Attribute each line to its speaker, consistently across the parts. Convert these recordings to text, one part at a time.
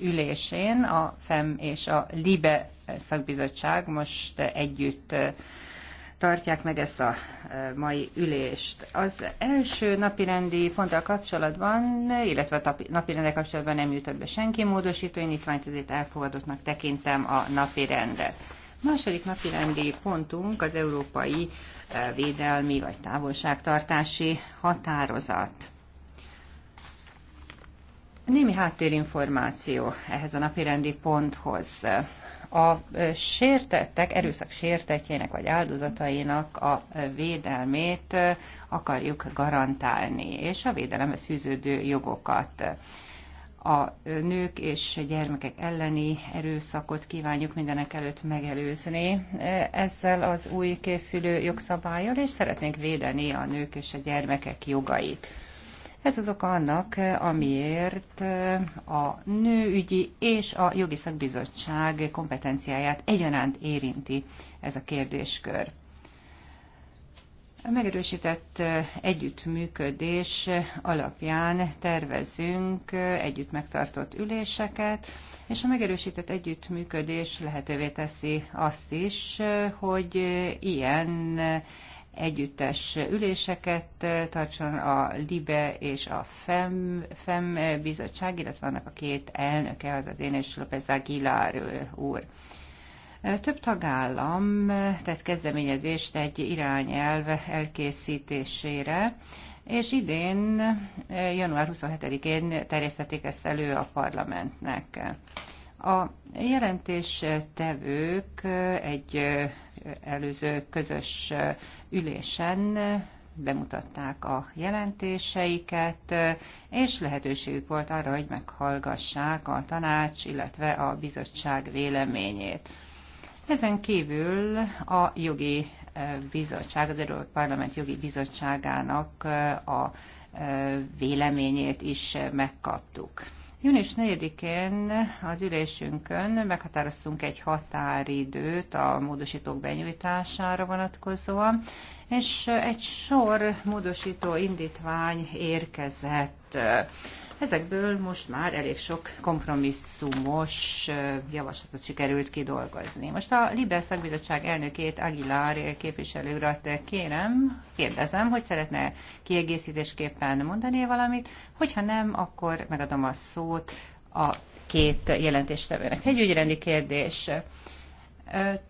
Speaker 1: ülésén a FEM és a LIBE szakbizottság most együtt tartják meg ezt a mai ülést. Az első napirendi ponttal kapcsolatban, illetve a napirendel kapcsolatban nem jutott be senki módosító van ezért elfogadottnak tekintem a napirendet. A második napirendi pontunk az európai védelmi vagy távolságtartási határozat. Némi háttérinformáció ehhez a napirendi ponthoz. A sértettek, erőszak sértetjének vagy áldozatainak a védelmét akarjuk garantálni, és a védelemhez fűződő jogokat a nők és gyermekek elleni erőszakot kívánjuk mindenek előtt megelőzni ezzel az új készülő jogszabályjal, és szeretnénk védeni a nők és a gyermekek jogait. Ez az oka annak, amiért a nőügyi és a jogi szakbizottság kompetenciáját egyaránt érinti ez a kérdéskör. A megerősített együttműködés alapján tervezünk együtt megtartott üléseket, és a megerősített együttműködés lehetővé teszi azt is, hogy ilyen együttes üléseket eh, tartson a LIBE és a FEM, FEM eh, bizottság, illetve annak a két elnöke, az az én és López Aguilar eh, úr. Több tagállam tett kezdeményezést egy irányelv elkészítésére, és idén, január 27-én terjesztették ezt elő a parlamentnek. A jelentés tevők egy előző közös ülésen bemutatták a jelentéseiket, és lehetőségük volt arra, hogy meghallgassák a tanács, illetve a bizottság véleményét. Ezen kívül a jogi eh, bizottság, az Európai Parlament jogi bizottságának eh, a eh, véleményét is megkaptuk. Június 4-én az ülésünkön meghatároztunk egy határidőt a módosítók benyújtására vonatkozóan, és egy sor módosító indítvány érkezett. Ezekből most már elég sok kompromisszumos javaslatot sikerült kidolgozni. Most a Libe szakbizottság elnökét, Aguilar képviselőrat kérem, kérdezem, hogy szeretne kiegészítésképpen mondani valamit, hogyha nem, akkor megadom a szót a két jelentéstevőnek. Egy ügyrendi kérdés.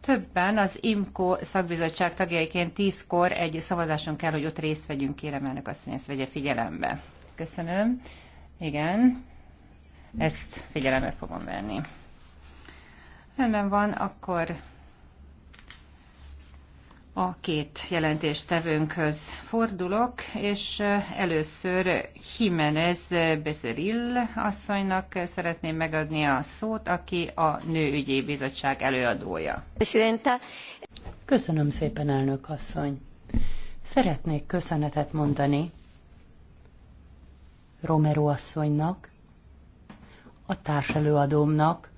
Speaker 1: Többen az IMKO szakbizottság tagjaiként tízkor egy szavazáson kell, hogy ott részt vegyünk, kérem elnök hogy ezt vegye figyelembe. Köszönöm. Igen, ezt figyelembe fogom venni. Rendben van, akkor a két jelentéstevőnkhöz fordulok, és eh, először Jimenez Bezeril asszonynak szeretném megadni a szót, aki a Nőügyi Bizottság előadója.
Speaker 2: Köszönöm szépen, elnök asszony! Szeretnék köszönetet mondani Romero asszonynak, a társelőadómnak.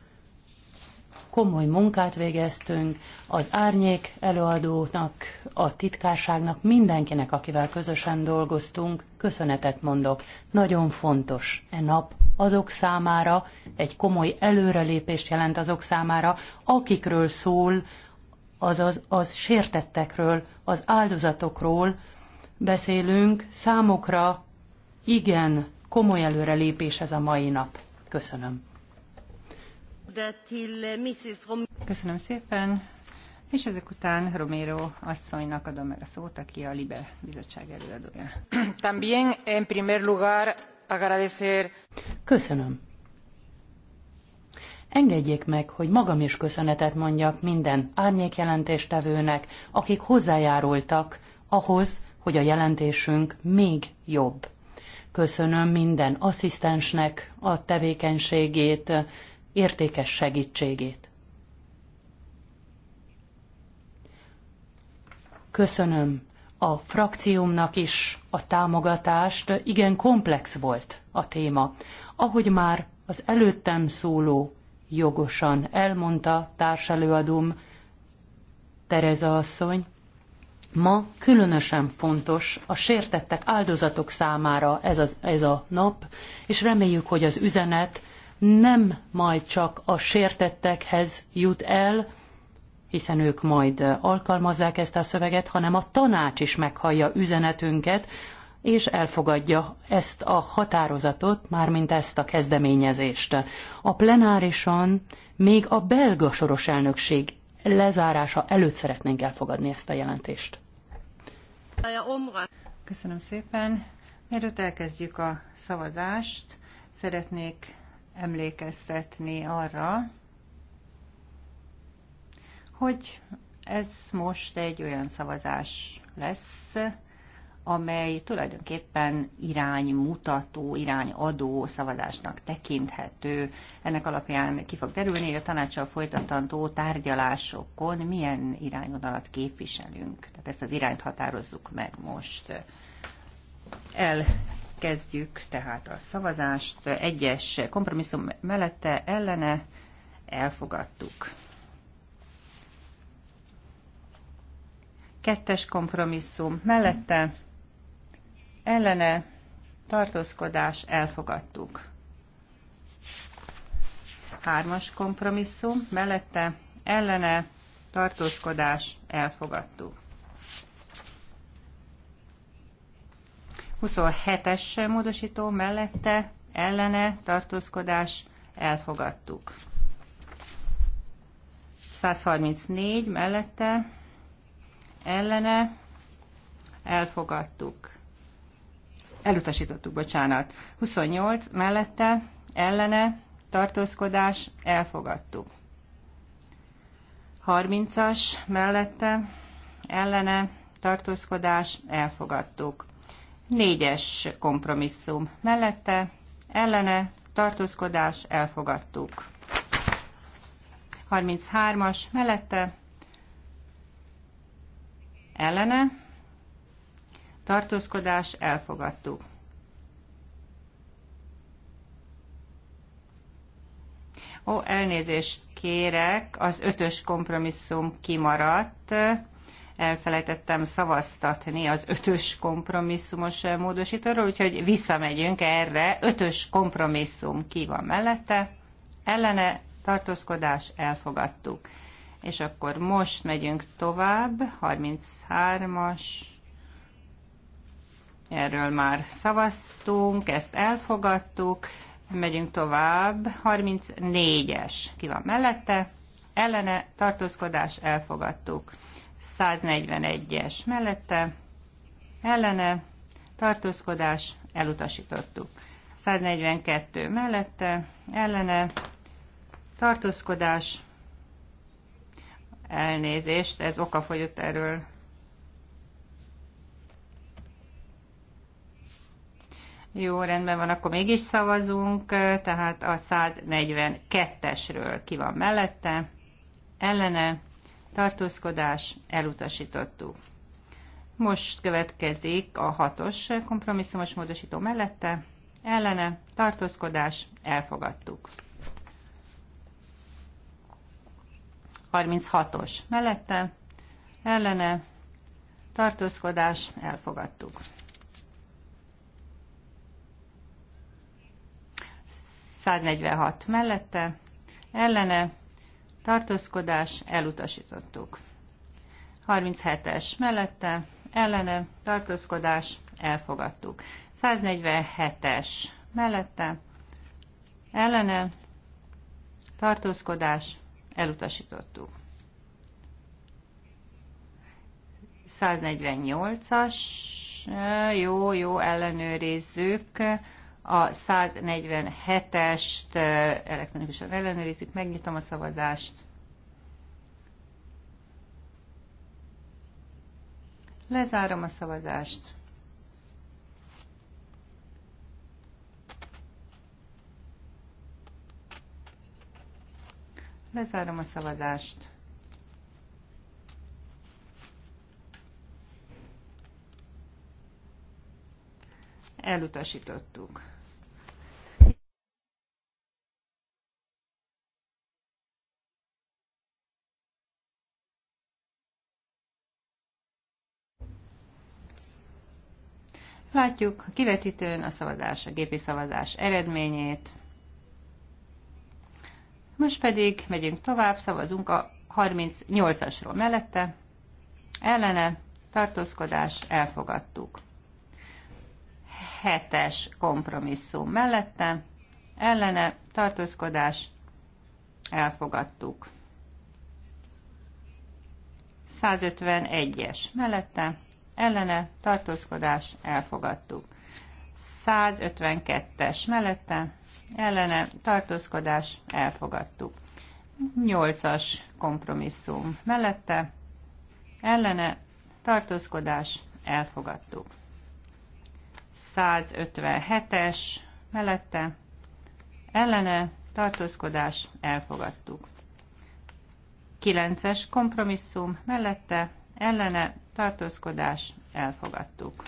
Speaker 2: Komoly munkát végeztünk, az árnyék előadónak, a titkárságnak, mindenkinek, akivel közösen dolgoztunk, köszönetet mondok. Nagyon fontos e nap azok számára, egy komoly előrelépést jelent azok számára, akikről szól, azaz az sértettekről, az áldozatokról beszélünk, számokra igen Komoly előrelépés ez a mai nap.
Speaker 1: Köszönöm. Köszönöm szépen. És ezek után Romero asszonynak adom meg a szót, aki a Libe bizottság előadója. También, en primer lugar, agradecer. Köszönöm.
Speaker 2: Engedjék meg, hogy magam is köszönetet mondjak minden árnyékjelentéstevőnek, akik hozzájárultak ahhoz, hogy a jelentésünk még jobb Köszönöm minden asszisztensnek a tevékenységét, értékes segítségét. Köszönöm a frakciómnak is a támogatást. Igen, komplex volt a téma. Ahogy már az előttem szóló jogosan elmondta társelőadóm, Tereza asszony, Ma különösen fontos a sértettek áldozatok számára ez, az, ez a nap, és reméljük, hogy az üzenet nem majd csak a sértettekhez jut el, hiszen ők majd alkalmazzák ezt a szöveget, hanem a tanács is meghallja üzenetünket, és elfogadja ezt a határozatot, mármint ezt a kezdeményezést. A plenárison még a belga soros elnökség lezárása előtt szeretnénk elfogadni ezt a jelentést.
Speaker 1: Köszönöm szépen. Mielőtt elkezdjük a szavazást, szeretnék emlékeztetni arra, hogy ez most egy olyan szavazás lesz, amely tulajdonképpen iránymutató, irányadó szavazásnak tekinthető. Ennek alapján ki fog derülni, hogy a tanácssal folytatandó tárgyalásokon milyen irányvonalat képviselünk. Tehát ezt az irányt határozzuk meg most. Elkezdjük tehát a szavazást. Egyes kompromisszum mellette ellene elfogadtuk. Kettes kompromisszum mellette ellene tartózkodás elfogadtuk. Hármas kompromisszum, mellette ellene tartózkodás elfogadtuk. 27-es módosító mellette ellene tartózkodás elfogadtuk. 134 mellette ellene elfogadtuk elutasítottuk, bocsánat. 28 mellette, ellene, tartózkodás, elfogadtuk. 30-as mellette, ellene, tartózkodás, elfogadtuk. 4-es kompromisszum mellette, ellene, tartózkodás, elfogadtuk. 33-as mellette, ellene, tartózkodás, elfogadtuk. Ó, elnézést kérek, az ötös kompromisszum kimaradt. Elfelejtettem szavaztatni az ötös kompromisszumos módosítóról, úgyhogy visszamegyünk erre. Ötös kompromisszum ki van mellette, ellene tartózkodás, elfogadtuk. És akkor most megyünk tovább, 33-as, erről már szavaztunk, ezt elfogadtuk, megyünk tovább, 34-es, ki van mellette, ellene tartózkodás, elfogadtuk, 141-es mellette, ellene tartózkodás, elutasítottuk, 142 mellette, ellene tartózkodás, elnézést, ez okafogyott erről Jó, rendben van, akkor mégis szavazunk, tehát a 142-esről ki van mellette, ellene, tartózkodás, elutasítottuk. Most következik a hatos kompromisszumos módosító mellette, ellene, tartózkodás, elfogadtuk. 36-os mellette, ellene, tartózkodás, elfogadtuk. 146 mellette, ellene, tartózkodás, elutasítottuk. 37-es mellette, ellene, tartózkodás, elfogadtuk. 147-es mellette, ellene, tartózkodás, elutasítottuk. 148-as, jó, jó, ellenőrizzük. A 147-est elektronikusan ellenőrizzük, megnyitom a szavazást. Lezárom a szavazást. Lezárom a szavazást. Elutasítottuk. Látjuk a kivetítőn a szavazás, a gépi szavazás eredményét. Most pedig megyünk tovább, szavazunk a 38-asról mellette. Ellene tartózkodás elfogadtuk. 7-es kompromisszum mellette. Ellene tartózkodás elfogadtuk. 151-es mellette ellene tartózkodás elfogadtuk. 152-es mellette ellene tartózkodás elfogadtuk. 8-as kompromisszum mellette ellene tartózkodás elfogadtuk. 157-es mellette ellene tartózkodás elfogadtuk. 9-es kompromisszum mellette ellene tartózkodás, elfogadtuk.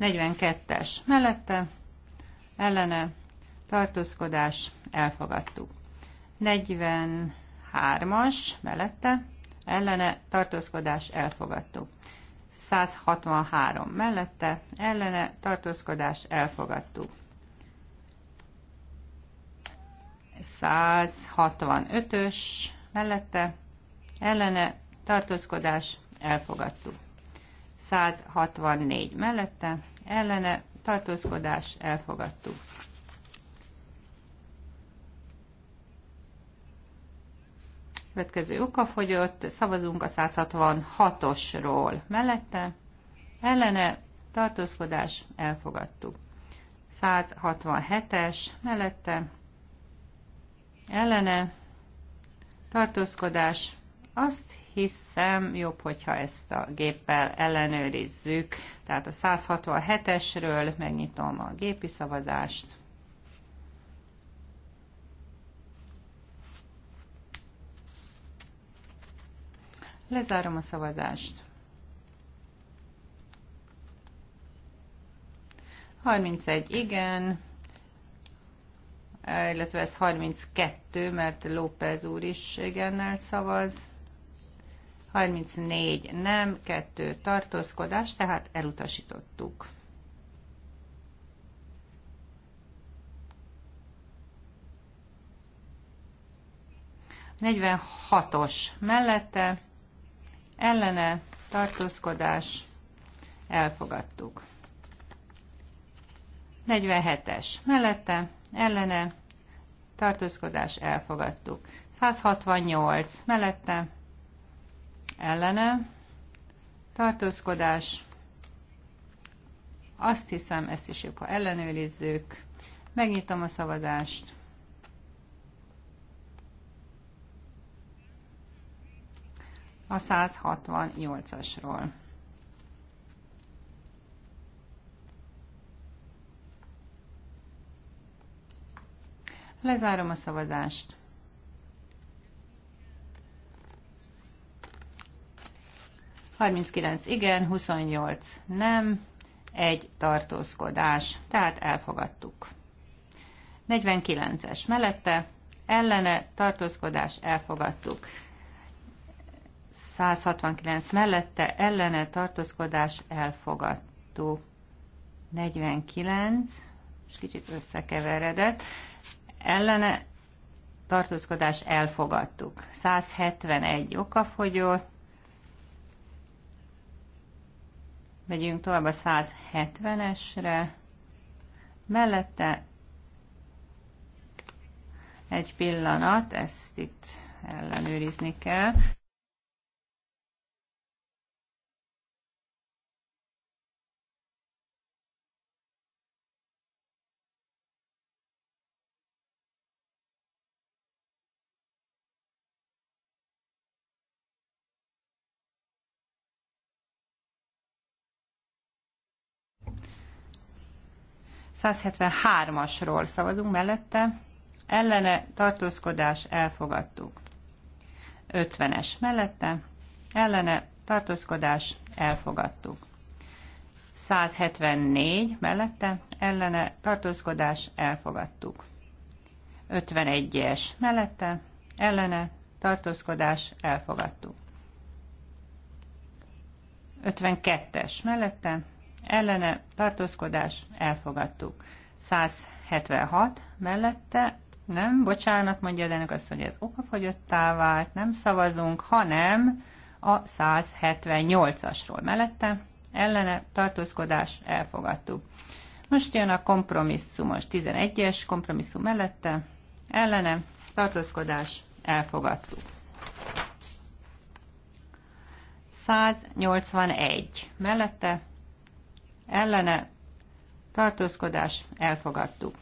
Speaker 1: 42-es mellette, ellene, tartózkodás, elfogadtuk. 43-as mellette, ellene, tartózkodás, elfogadtuk. 163 mellette, ellene, tartózkodás, elfogadtuk. 165-ös mellette, ellene tartózkodás elfogadtuk. 164 mellette ellene tartózkodás elfogadtuk. Következő okafogyott, szavazunk a 166-osról. Mellette ellene tartózkodás elfogadtuk. 167-es mellette ellene tartózkodás azt hiszem jobb, hogyha ezt a géppel ellenőrizzük. Tehát a 167-esről megnyitom a gépi szavazást. Lezárom a szavazást. 31 igen, illetve ez 32, mert López úr is igennel szavaz. 34 nem, 2 tartózkodás, tehát elutasítottuk. 46-os mellette, ellene, tartózkodás, elfogadtuk. 47-es mellette, ellene, tartózkodás, elfogadtuk. 168 mellette, ellene, tartózkodás, azt hiszem, ezt is jobb, ha ellenőrizzük. Megnyitom a szavazást. A 168-asról. Lezárom a szavazást. 39 igen, 28 nem, egy tartózkodás, tehát elfogadtuk. 49-es mellette, ellene tartózkodás, elfogadtuk. 169 mellette, ellene tartózkodás, elfogadtuk. 49, és kicsit összekeveredett, ellene tartózkodás elfogadtuk. 171 okafogyott, Megyünk tovább a 170-esre. Mellette egy pillanat, ezt itt ellenőrizni kell. 173-asról szavazunk mellette, ellene tartózkodás elfogadtuk. 50-es mellette, ellene tartózkodás elfogadtuk. 174 mellette, ellene tartózkodás elfogadtuk. 51-es mellette, ellene tartózkodás elfogadtuk. 52-es mellette, ellene tartózkodás elfogadtuk. 176 mellette nem, bocsánat, mondja az azt, hogy ez okafogyottá vált, nem szavazunk, hanem a 178-asról mellette ellene tartózkodás elfogadtuk. Most jön a kompromisszumos 11-es kompromisszum mellette ellene tartózkodás elfogadtuk. 181 mellette ellene, tartózkodás, elfogadtuk.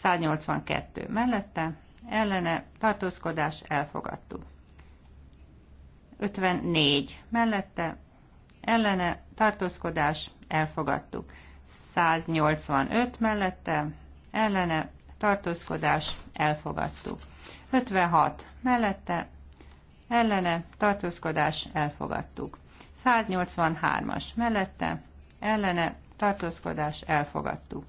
Speaker 1: 182 mellette, ellene, tartózkodás, elfogadtuk. 54 mellette, ellene, tartózkodás, elfogadtuk. 185 mellette, ellene, tartózkodás, elfogadtuk. 56 mellette, ellene, tartózkodás, elfogadtuk. 183-as mellette, ellene tartózkodás elfogadtuk.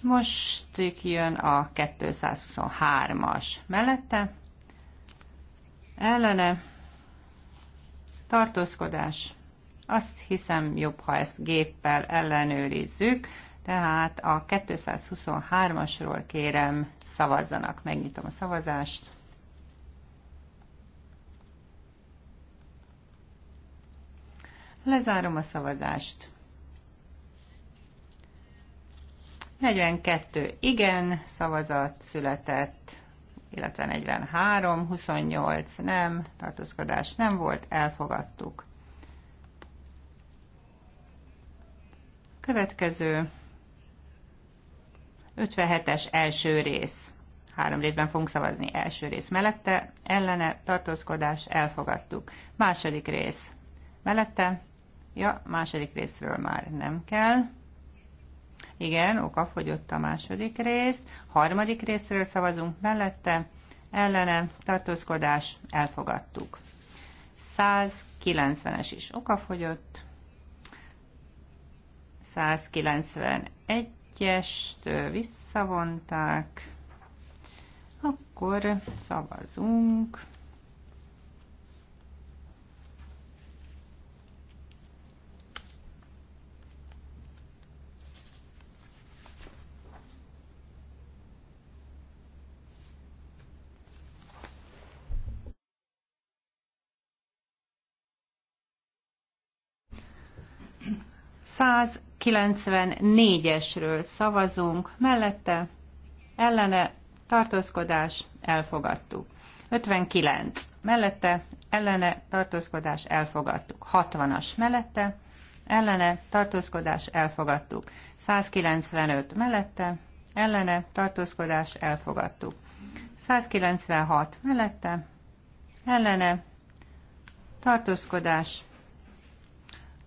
Speaker 1: Most jön a 223-as mellette, ellene tartózkodás. Azt hiszem jobb, ha ezt géppel ellenőrizzük, tehát a 223-asról kérem szavazzanak. Megnyitom a szavazást. Lezárom a szavazást. 42 igen szavazat született, illetve 43, 28 nem, tartózkodás nem volt, elfogadtuk. Következő 57-es első rész. Három részben fogunk szavazni. Első rész mellette, ellene, tartózkodás, elfogadtuk. Második rész mellette, ja, második részről már nem kell. Igen, okafogyott a második rész. Harmadik részről szavazunk mellette. Ellene tartózkodás elfogadtuk. 190-es is okafogyott. 191-est visszavonták. Akkor szavazunk 194-esről szavazunk, mellette ellene tartózkodás elfogadtuk. 59 mellette ellene tartózkodás elfogadtuk. 60-as mellette ellene tartózkodás elfogadtuk. 195 mellette ellene tartózkodás elfogadtuk. 196 mellette ellene tartózkodás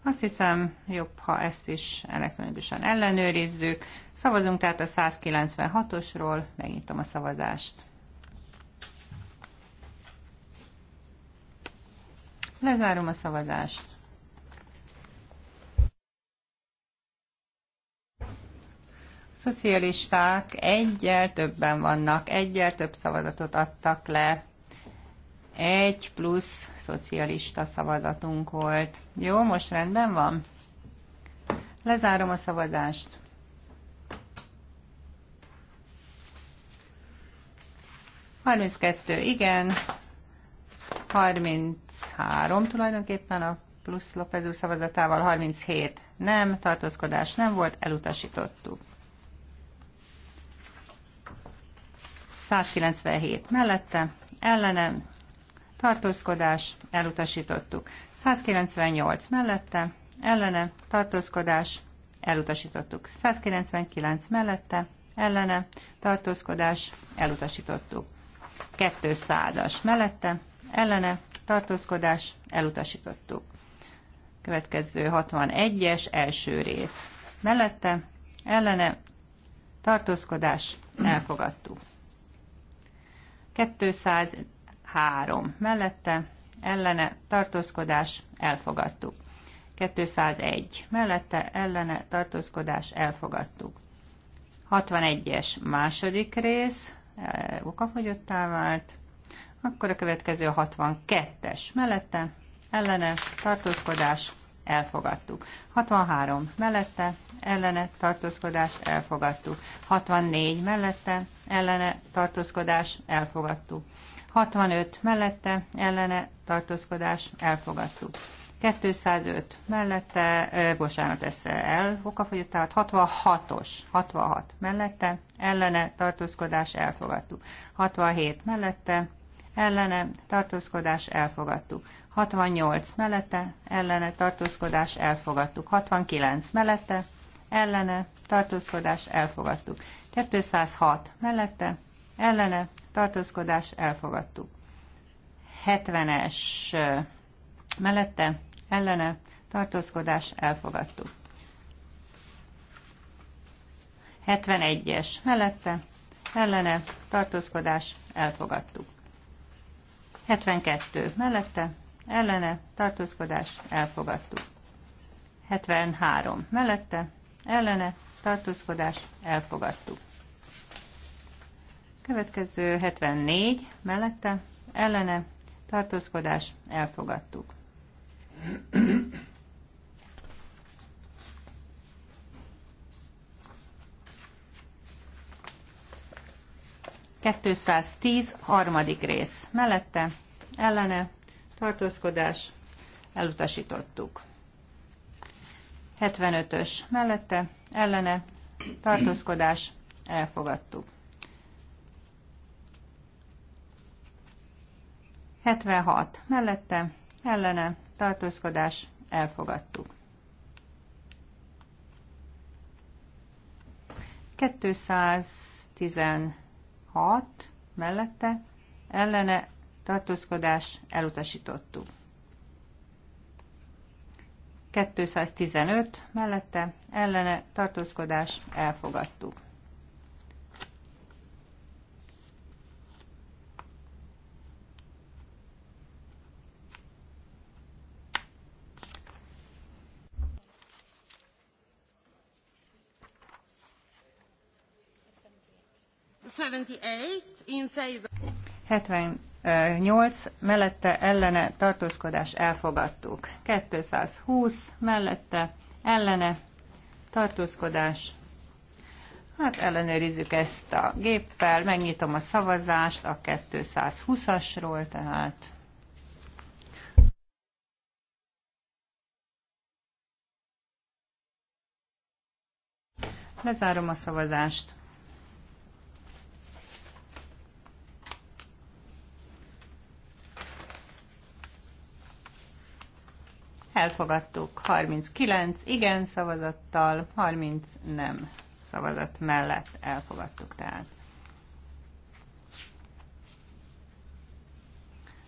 Speaker 1: azt hiszem, jobb, ha ezt is elektronikusan ellenőrizzük. Szavazunk tehát a 196-osról, megnyitom a szavazást. Lezárom a szavazást. szocialisták egyel többen vannak, egyel több szavazatot adtak le, egy plusz szocialista szavazatunk volt. Jó, most rendben van? Lezárom a szavazást. Harminckettő, igen. 33 tulajdonképpen a plusz López úr szavazatával, 37 nem, tartózkodás nem volt, elutasítottuk. 197 mellette, ellenem tartózkodás, elutasítottuk. 198 mellette, ellene, tartózkodás, elutasítottuk. 199 mellette, ellene, tartózkodás, elutasítottuk. 200-as mellette, ellene, tartózkodás, elutasítottuk. Következő 61-es első rész. Mellette, ellene, tartózkodás, elfogadtuk. 200 3. mellette, ellene tartózkodás elfogadtuk. 201 mellette, ellene tartózkodás elfogadtuk. 61-es második rész, e, okafogyottá vált, akkor a következő 62-es mellette, ellene tartózkodás elfogadtuk. 63 mellette, ellene tartózkodás elfogadtuk. 64 mellette, ellene tartózkodás elfogadtuk. 65 mellette ellene tartózkodás elfogadtuk. 205 mellette, eh, bocsánat, ezt el, okafogyott, tehát 66-os, 66 mellette, ellene tartózkodás elfogadtuk. 67 mellette, ellene tartózkodás elfogadtuk. 68 mellette, ellene tartózkodás elfogadtuk. 69 mellette, ellene tartózkodás elfogadtuk. 206 mellette, ellene tartózkodás elfogadtuk. 70-es mellette ellene tartózkodás elfogadtuk. 71-es mellette ellene tartózkodás elfogadtuk. 72 mellette ellene tartózkodás elfogadtuk. 73 mellette ellene tartózkodás elfogadtuk. Következő 74 mellette ellene tartózkodás elfogadtuk. Kettőszáztíz harmadik rész mellette ellene tartózkodás elutasítottuk. 75-ös mellette ellene tartózkodás elfogadtuk. 76 mellette, ellene, tartózkodás, elfogadtuk. 216 mellette, ellene, tartózkodás, elutasítottuk. 215 mellette, ellene, tartózkodás, elfogadtuk.
Speaker 3: 78
Speaker 1: mellette ellene tartózkodás elfogadtuk. 220 mellette ellene tartózkodás. Hát ellenőrizzük ezt a géppel, megnyitom a szavazást a 220-asról, tehát Lezárom a szavazást. Elfogadtuk 39 igen szavazattal, 30 nem szavazat mellett elfogadtuk tehát.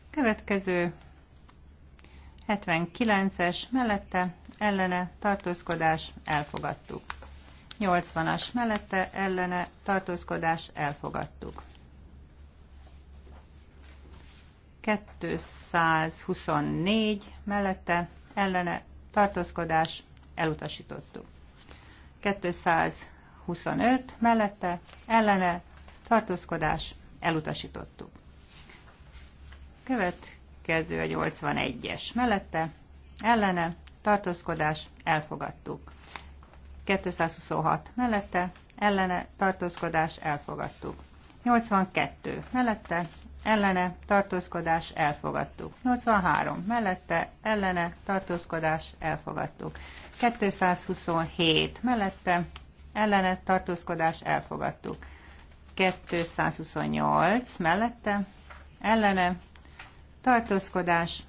Speaker 1: Következő 79-es mellette ellene tartózkodás elfogadtuk. 80-as mellette ellene tartózkodás elfogadtuk. 224 mellette ellene tartózkodás elutasítottuk. 225 mellette ellene tartózkodás elutasítottuk. Következő a 81-es mellette ellene tartózkodás elfogadtuk. 226 mellette ellene tartózkodás elfogadtuk. 82 mellette ellene tartózkodás elfogadtuk. 83 mellette ellene tartózkodás elfogadtuk. 227 mellette ellene tartózkodás elfogadtuk. 228 mellette ellene tartózkodás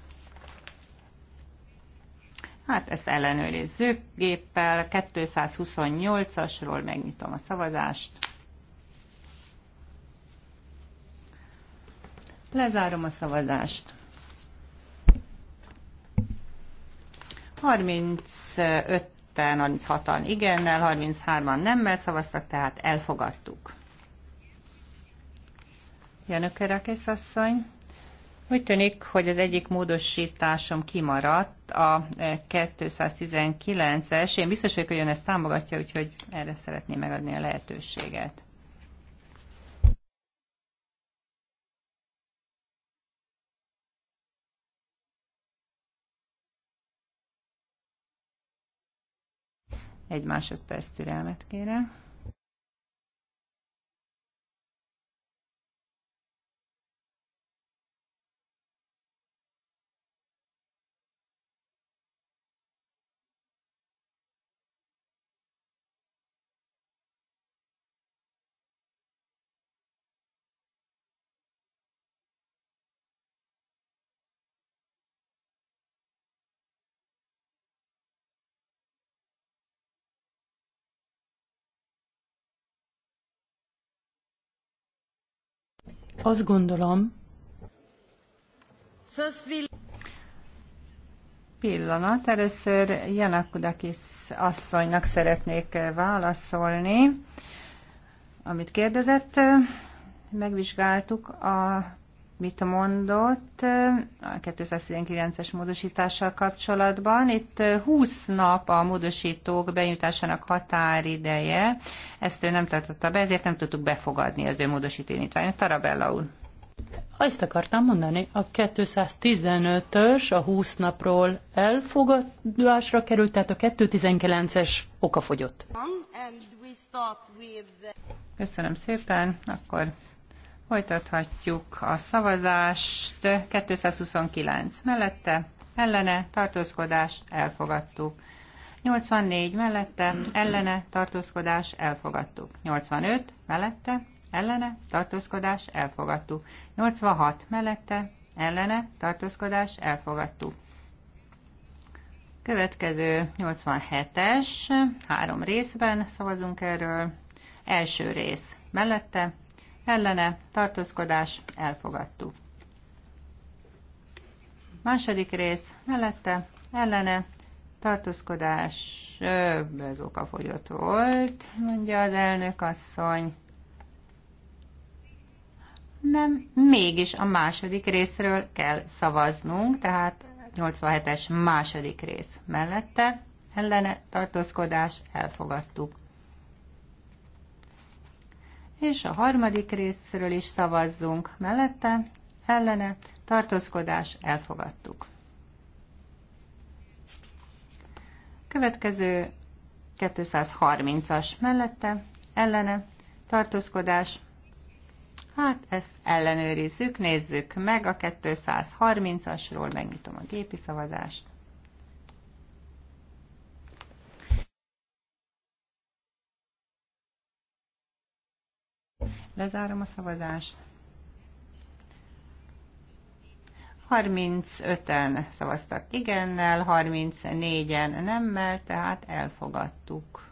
Speaker 1: Hát ezt ellenőrizzük géppel. 228-asról megnyitom a szavazást. Lezárom a szavazást. 35-en, 36-an igennel, 33-an nemmel szavaztak, tehát elfogadtuk. Janök Erakész asszony. Úgy tűnik, hogy az egyik módosításom kimaradt, a 219-es. Én biztos vagyok, hogy ön ezt támogatja, úgyhogy erre szeretném megadni a lehetőséget. Egy másodperc türelmet kérem.
Speaker 2: azt gondolom,
Speaker 1: pillanat. Először Janakudakis asszonynak szeretnék válaszolni, amit kérdezett. Megvizsgáltuk a mit mondott a 219-es módosítással kapcsolatban. Itt 20 nap a módosítók benyújtásának határideje. Ezt ő nem tartotta be, ezért nem tudtuk befogadni az ő módosító Tarabella úr.
Speaker 2: Ezt akartam mondani, a 215-ös a 20 napról elfogadásra került, tehát
Speaker 1: a 219-es okafogyott. Köszönöm szépen, akkor Folytathatjuk a szavazást. 229 mellette, ellene, tartózkodás, elfogadtuk. 84 mellette, ellene, tartózkodás, elfogadtuk. 85 mellette, ellene, tartózkodás, elfogadtuk. 86 mellette, ellene, tartózkodás, elfogadtuk. Következő 87-es, három részben szavazunk erről. Első rész mellette, ellene tartózkodás elfogadtuk. Második rész mellette ellene tartózkodás ez okafogyott volt, mondja az elnök asszony. Nem, mégis a második részről kell szavaznunk, tehát 87-es második rész mellette ellene tartózkodás elfogadtuk. És a harmadik részről is szavazzunk mellette, ellene, tartózkodás, elfogadtuk. Következő 230-as mellette, ellene, tartózkodás, Hát ezt ellenőrizzük, nézzük meg a 230-asról, megnyitom a gépi szavazást. Lezárom a szavazást. 35-en szavaztak igennel, 34-en nemmel, tehát elfogadtuk.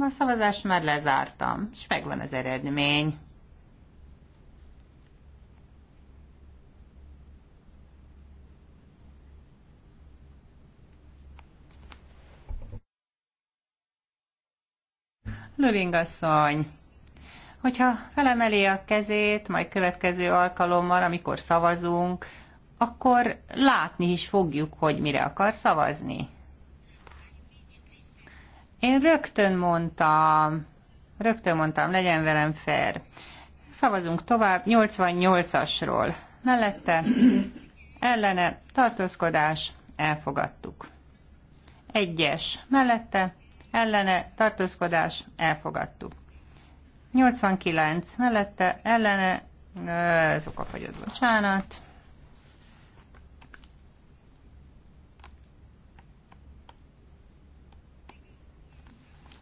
Speaker 1: A szavazást már lezártam, és megvan az eredmény. Löving asszony, hogyha felemeli a kezét, majd következő alkalommal, amikor szavazunk, akkor látni is fogjuk, hogy mire akar szavazni. Én rögtön mondtam, rögtön mondtam, legyen velem fair. Szavazunk tovább 88-asról. Mellette ellene tartózkodás, elfogadtuk. Egyes mellette ellene tartózkodás elfogadtuk. 89 mellette ellene, ez okafogyott, bocsánat.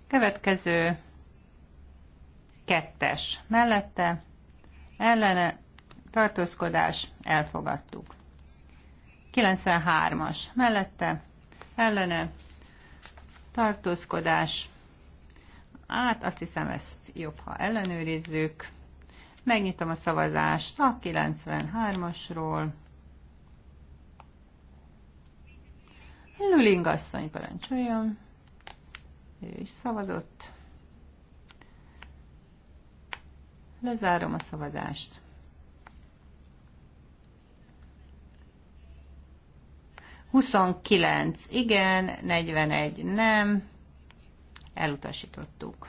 Speaker 1: Következő kettes mellette ellene tartózkodás elfogadtuk. 93-as mellette ellene tartózkodás. Hát azt hiszem, ezt jobb, ha ellenőrizzük. Megnyitom a szavazást a 93-asról. Luling asszony parancsoljon. Ő is szavazott. Lezárom a szavazást. 29 igen, 41 nem, elutasítottuk.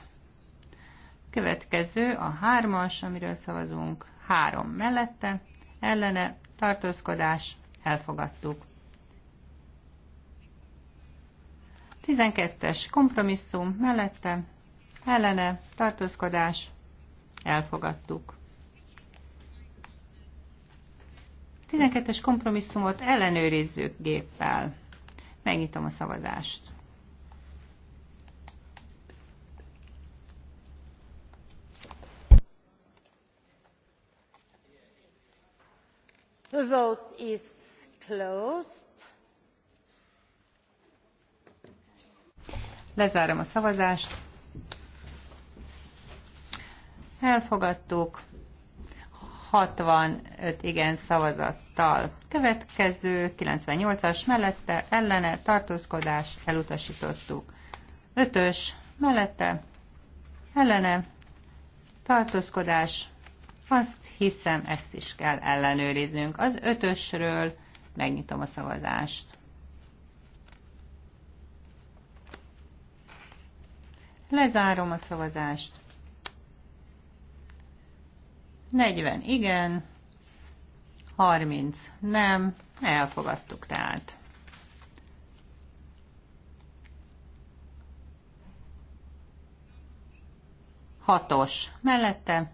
Speaker 1: Következő a hármas, amiről szavazunk, három mellette, ellene, tartózkodás, elfogadtuk. 12-es kompromisszum mellette, ellene, tartózkodás, elfogadtuk. 12-es kompromisszumot ellenőrizzük géppel. Megnyitom a szavazást.
Speaker 3: The vote is closed.
Speaker 1: Lezárom a szavazást. Elfogadtuk. 65 igen szavazattal. Következő 98-as mellette ellene tartózkodás elutasítottuk. 5-ös mellette ellene tartózkodás, azt hiszem ezt is kell ellenőriznünk. Az 5-ösről megnyitom a szavazást. Lezárom a szavazást. 40 igen, 30 nem, elfogadtuk tehát. Hatos mellette,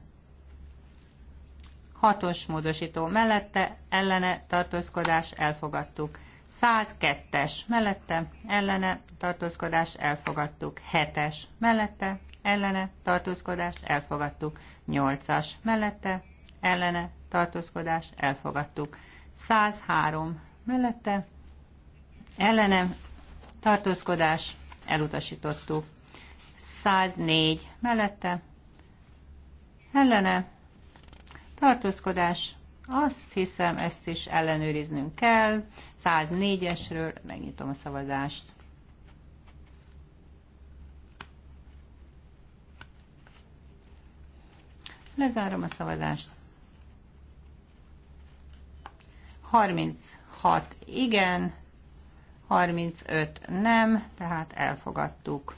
Speaker 1: hatos módosító mellette, ellene tartózkodás elfogadtuk. 102-es mellette, ellene tartózkodás elfogadtuk. 7-es mellette, ellene tartózkodás elfogadtuk. 8-as mellette ellene tartózkodás elfogadtuk. 103 mellette ellene tartózkodás elutasítottuk. 104 mellette ellene tartózkodás azt hiszem, ezt is ellenőriznünk kell. 104-esről megnyitom a szavazást. Lezárom a szavazást. 36 igen, 35 nem, tehát elfogadtuk.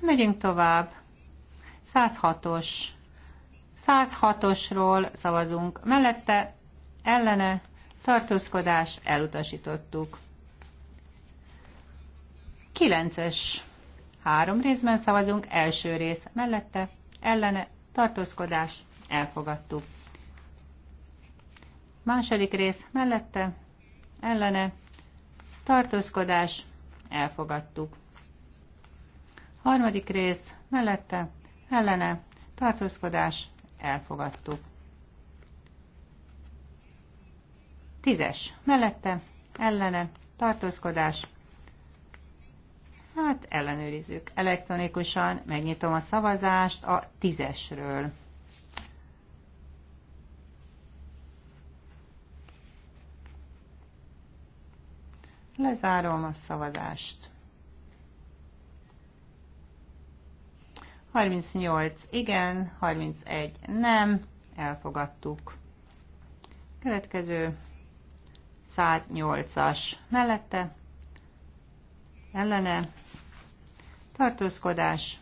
Speaker 1: Megyünk tovább. 106-os. 106-osról szavazunk. Mellette, ellene, tartózkodás, elutasítottuk. Kilences. Három részben szavazunk, első rész mellette, ellene, tartózkodás, elfogadtuk. Második rész mellette, ellene, tartózkodás, elfogadtuk. Harmadik rész mellette, ellene, tartózkodás, elfogadtuk. Tízes mellette, ellene, tartózkodás, Hát ellenőrizzük. Elektronikusan megnyitom a szavazást a tízesről. Lezárom a szavazást. 38 igen, 31 nem, elfogadtuk. Következő 108-as mellette, ellene, tartózkodás.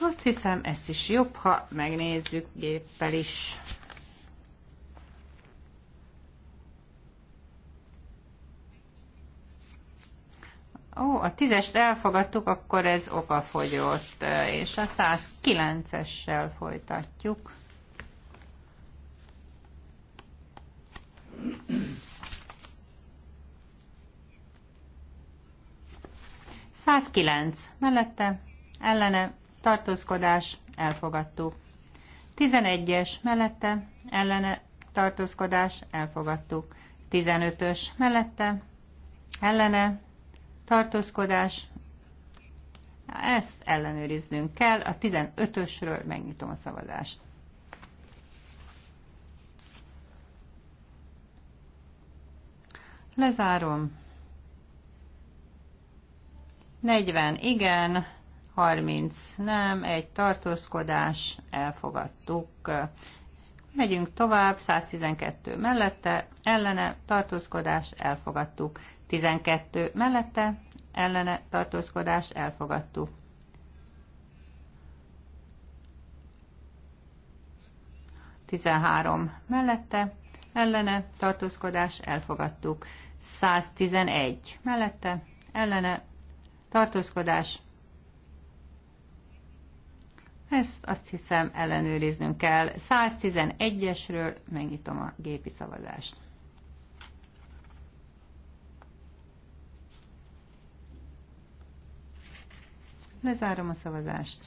Speaker 1: Azt hiszem, ezt is jobb, ha megnézzük géppel is. Ó, a tízest elfogadtuk, akkor ez okafogyott, és a 109-essel folytatjuk. 109 mellette, ellene, tartózkodás, elfogadtuk. 11-es mellette, ellene, tartózkodás, elfogadtuk. 15-ös mellette, ellene, tartózkodás, ezt ellenőriznünk kell. A 15-ösről megnyitom a szavazást. Lezárom. 40 igen, 30 nem, egy tartózkodás, elfogadtuk. Megyünk tovább, 112 mellette, ellene, tartózkodás, elfogadtuk. 12 mellette, ellene, tartózkodás, elfogadtuk. 13 mellette, ellene, tartózkodás, elfogadtuk. 111 mellette, ellene, tartózkodás. Ezt azt hiszem ellenőriznünk kell. 111-esről megnyitom a gépi szavazást. Lezárom a szavazást.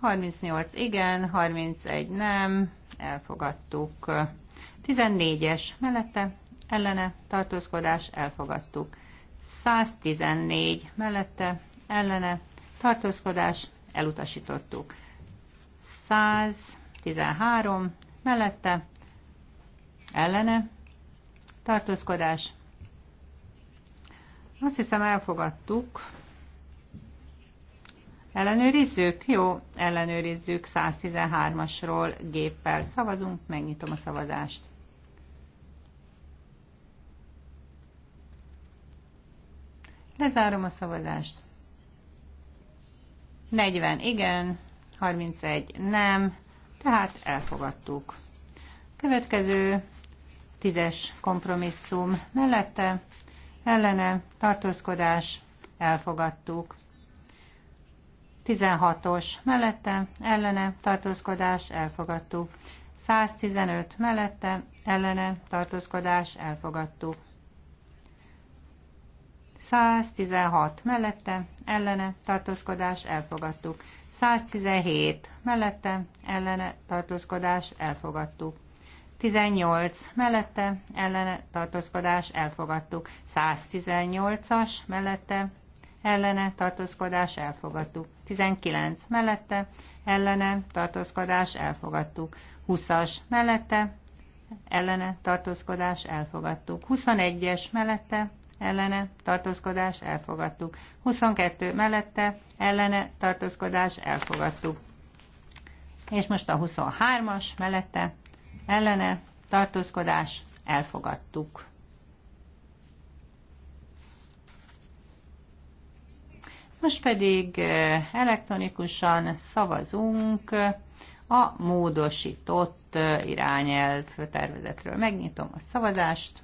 Speaker 1: 38 igen, 31 nem, elfogadtuk. 14-es mellette, ellene, tartózkodás, elfogadtuk. 114 mellette, ellene, tartózkodás, elutasítottuk. 113 mellette, ellene, tartózkodás. Azt hiszem elfogadtuk. Ellenőrizzük? Jó, ellenőrizzük. 113-asról géppel szavazunk, megnyitom a szavazást. Lezárom a szavazást. 40 igen, 31 nem, tehát elfogadtuk. Következő tízes kompromisszum mellette, ellene, tartózkodás, elfogadtuk. 16-os mellette, ellene, tartózkodás, elfogadtuk. 115 mellette, ellene, tartózkodás, elfogadtuk. 116 mellette, ellene tartózkodás elfogadtuk. 117 mellette, ellene tartózkodás elfogadtuk. 18 mellette, ellene tartózkodás elfogadtuk. 118-as mellette, ellene tartózkodás elfogadtuk. 19 mellette, ellene tartózkodás elfogadtuk. 20-as mellette, ellene tartózkodás elfogadtuk. 21-es mellette, ellene tartózkodás elfogadtuk. 22 mellette ellene tartózkodás elfogadtuk. És most a 23-as mellette ellene tartózkodás elfogadtuk. Most pedig elektronikusan szavazunk a módosított irányelv tervezetről. Megnyitom a szavazást.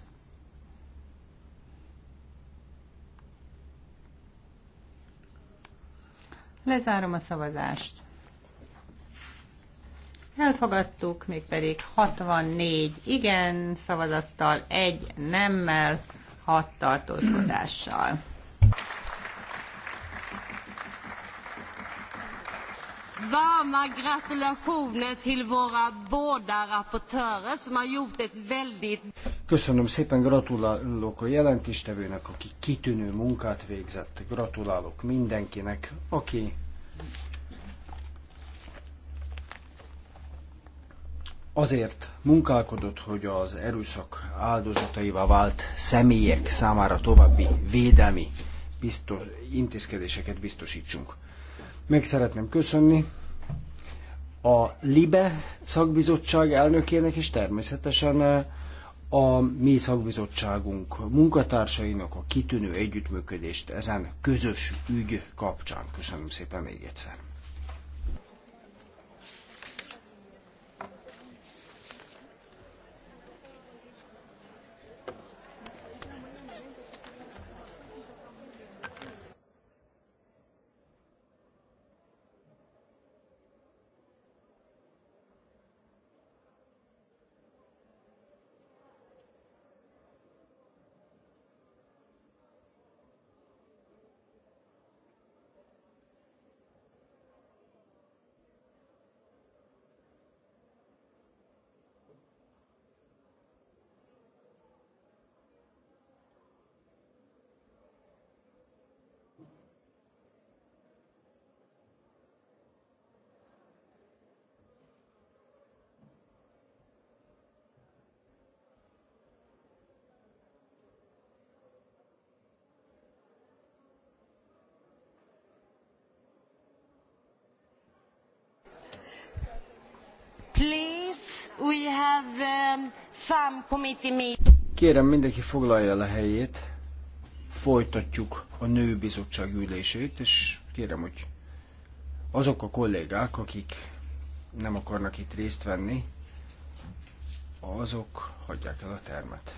Speaker 1: Lezárom a szavazást. Elfogadtuk, mégpedig 64 igen szavazattal, egy nemmel, hat tartózkodással.
Speaker 3: Varma gratulationer till våra båda rapportörer som har gjort ett väldigt...
Speaker 4: Köszönöm szépen, gratulálok a jelentéstevőnek, aki kitűnő munkát végzett. Gratulálok mindenkinek, aki azért munkálkodott, hogy az erőszak áldozataival vált személyek számára további védelmi biztos, intézkedéseket biztosítsunk. Meg szeretném köszönni a LIBE szakbizottság elnökének és természetesen eh, a mi szakbizottságunk munkatársainak a kitűnő együttműködést ezen közös ügy kapcsán. Köszönöm szépen még egyszer. Um, kérem, mindenki foglalja le helyét. Folytatjuk a nőbizottság ülését, és kérem, hogy azok a kollégák, akik nem akarnak itt részt venni, azok hagyják el a termet.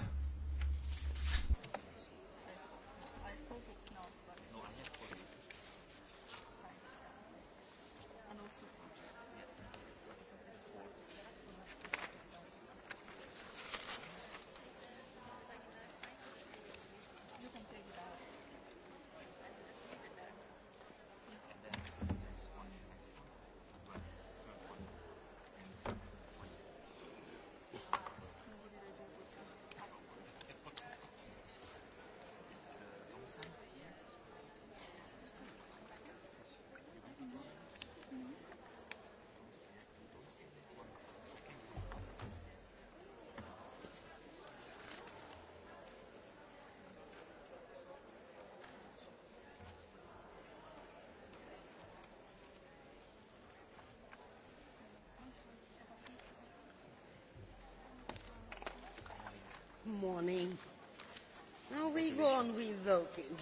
Speaker 3: on with voting.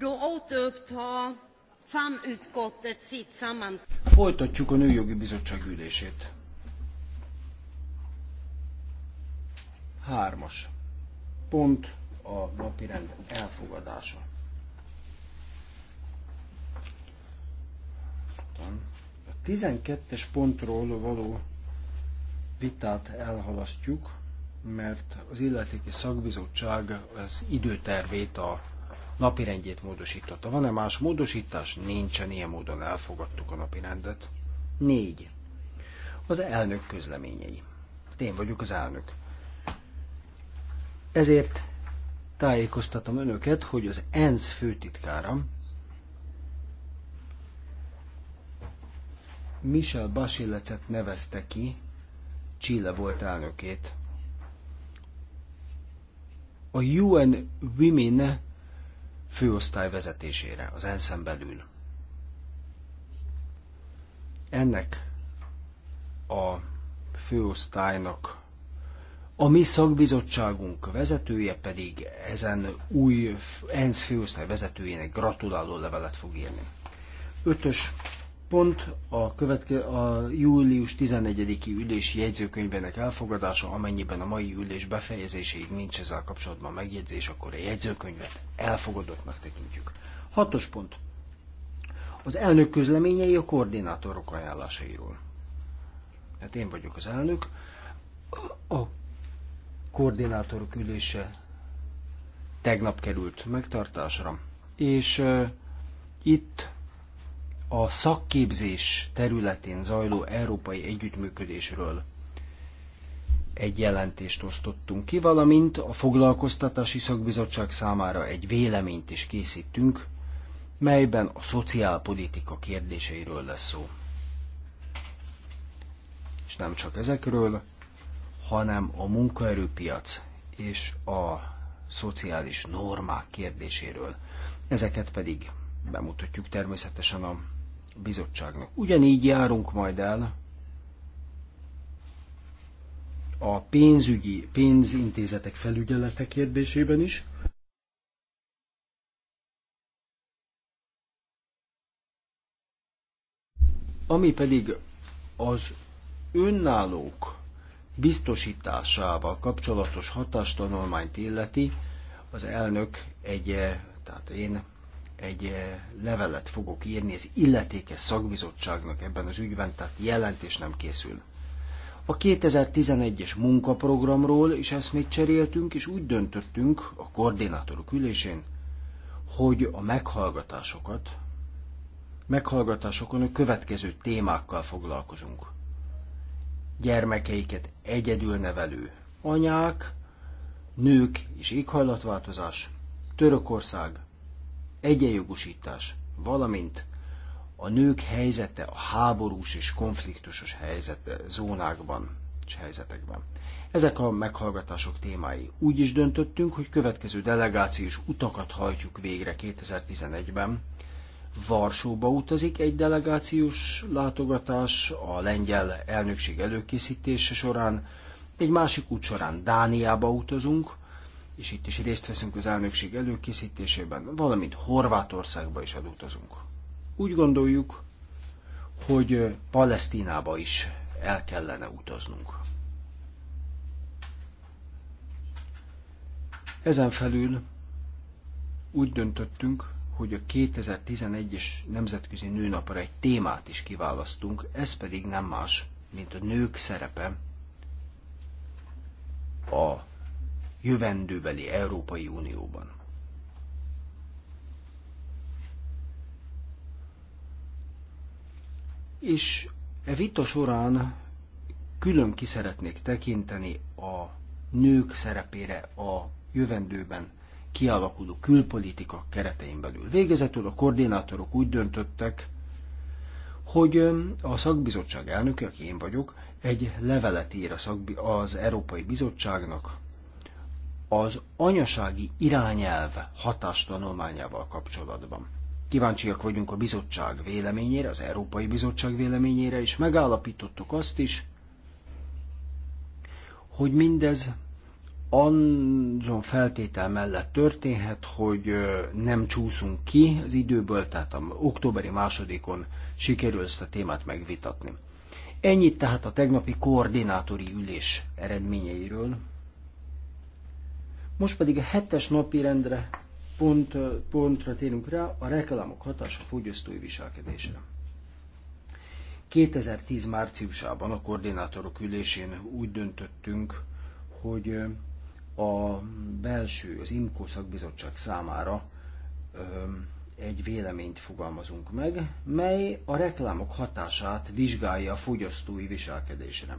Speaker 3: Då återupptar samutskottet sitt sammanträde.
Speaker 4: Folytatjuk a Nőjogi Bizottság ülését. Hármas. Pont a napirend elfogadása. A 12-es pontról való vitát elhalasztjuk, mert az illetéki szakbizottság az időtervét a napirendjét módosította. Van-e más módosítás? Nincsen, ilyen módon elfogadtuk a napirendet. 4. Az elnök közleményei. Hát én vagyok az elnök. Ezért tájékoztatom önöket, hogy az ENSZ főtitkára, Michel Basilecet nevezte ki, Csille volt elnökét. A UN Women főosztály vezetésére az ensz belül. Ennek a főosztálynak a mi szakbizottságunk vezetője pedig ezen új ENSZ főosztály vezetőjének gratuláló levelet fog írni. Ötös pont a, követke, a július 14 i ülési jegyzőkönyvének elfogadása, amennyiben a mai ülés befejezéséig nincs ezzel kapcsolatban megjegyzés, akkor a jegyzőkönyvet elfogadottnak tekintjük. Hatos pont. Az elnök közleményei a koordinátorok ajánlásairól. Tehát én vagyok az elnök. A koordinátorok ülése tegnap került megtartásra, és uh, itt a szakképzés területén zajló európai együttműködésről egy jelentést osztottunk ki, valamint a Foglalkoztatási Szakbizottság számára egy véleményt is készítünk, melyben a szociálpolitika kérdéseiről lesz szó. És nem csak ezekről, hanem a munkaerőpiac és a szociális normák kérdéséről. Ezeket pedig bemutatjuk természetesen a bizottságnak. Ugyanígy járunk majd el a pénzügyi, pénzintézetek felügyelete kérdésében is. Ami pedig az önállók biztosításával kapcsolatos hatástanulmányt illeti, az elnök egy, tehát én egy eh, levelet fogok írni az illetékes szakbizottságnak ebben az ügyben, tehát jelentés nem készül. A 2011-es munkaprogramról is eszmét cseréltünk, és úgy döntöttünk a koordinátorok ülésén, hogy a meghallgatásokat, meghallgatásokon a következő témákkal foglalkozunk. Gyermekeiket egyedül nevelő anyák, nők és éghajlatváltozás, Törökország, egyenjogosítás, valamint a nők helyzete a háborús és konfliktusos helyzet zónákban és helyzetekben. Ezek a meghallgatások témái. Úgy is döntöttünk, hogy következő delegációs utakat hajtjuk végre 2011-ben. Varsóba utazik egy delegációs látogatás a lengyel elnökség előkészítése során, egy másik út során Dániába utazunk, és itt is részt veszünk az elnökség előkészítésében, valamint Horvátországba is elutazunk. Úgy gondoljuk, hogy Palesztinába is el kellene utaznunk. Ezen felül úgy döntöttünk, hogy a 2011-es Nemzetközi Nőnapra egy témát is kiválasztunk, ez pedig nem más, mint a nők szerepe a jövendőbeli Európai Unióban. És e vita során külön ki szeretnék tekinteni a nők szerepére a jövendőben kialakuló külpolitika keretein belül. Végezetül a koordinátorok úgy döntöttek, hogy a szakbizottság elnöke, aki én vagyok, egy levelet ír az Európai Bizottságnak, az anyasági irányelv hatástanulmányával kapcsolatban. Kíváncsiak vagyunk a bizottság véleményére, az Európai Bizottság véleményére, és megállapítottuk azt is, hogy mindez azon feltétel mellett történhet, hogy nem csúszunk ki az időből, tehát a októberi másodikon sikerül ezt a témát megvitatni. Ennyit tehát a tegnapi koordinátori ülés eredményeiről. Most pedig a hetes napi rendre pont, pontra térünk rá, a reklámok hatása fogyasztói viselkedésre. 2010 márciusában a koordinátorok ülésén úgy döntöttünk, hogy a belső, az IMCO szakbizottság számára egy véleményt fogalmazunk meg, mely a reklámok hatását vizsgálja a fogyasztói viselkedésre.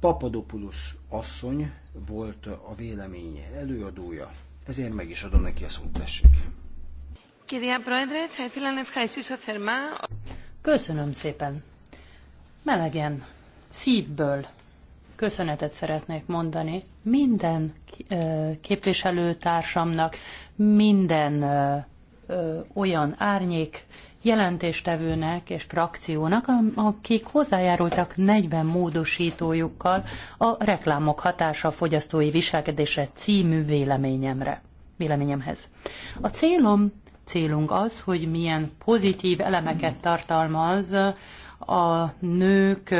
Speaker 4: Papadopoulos asszony volt a vélemény előadója, ezért meg is adom neki a szót, tessék.
Speaker 2: Köszönöm szépen. Melegen, szívből köszönetet szeretnék mondani minden eh, képviselőtársamnak, minden eh, eh, olyan árnyék jelentéstevőnek és frakciónak, akik hozzájárultak 40 módosítójukkal a reklámok hatása a fogyasztói viselkedésre című véleményemre, véleményemhez. A célom, célunk az, hogy milyen pozitív elemeket tartalmaz a nők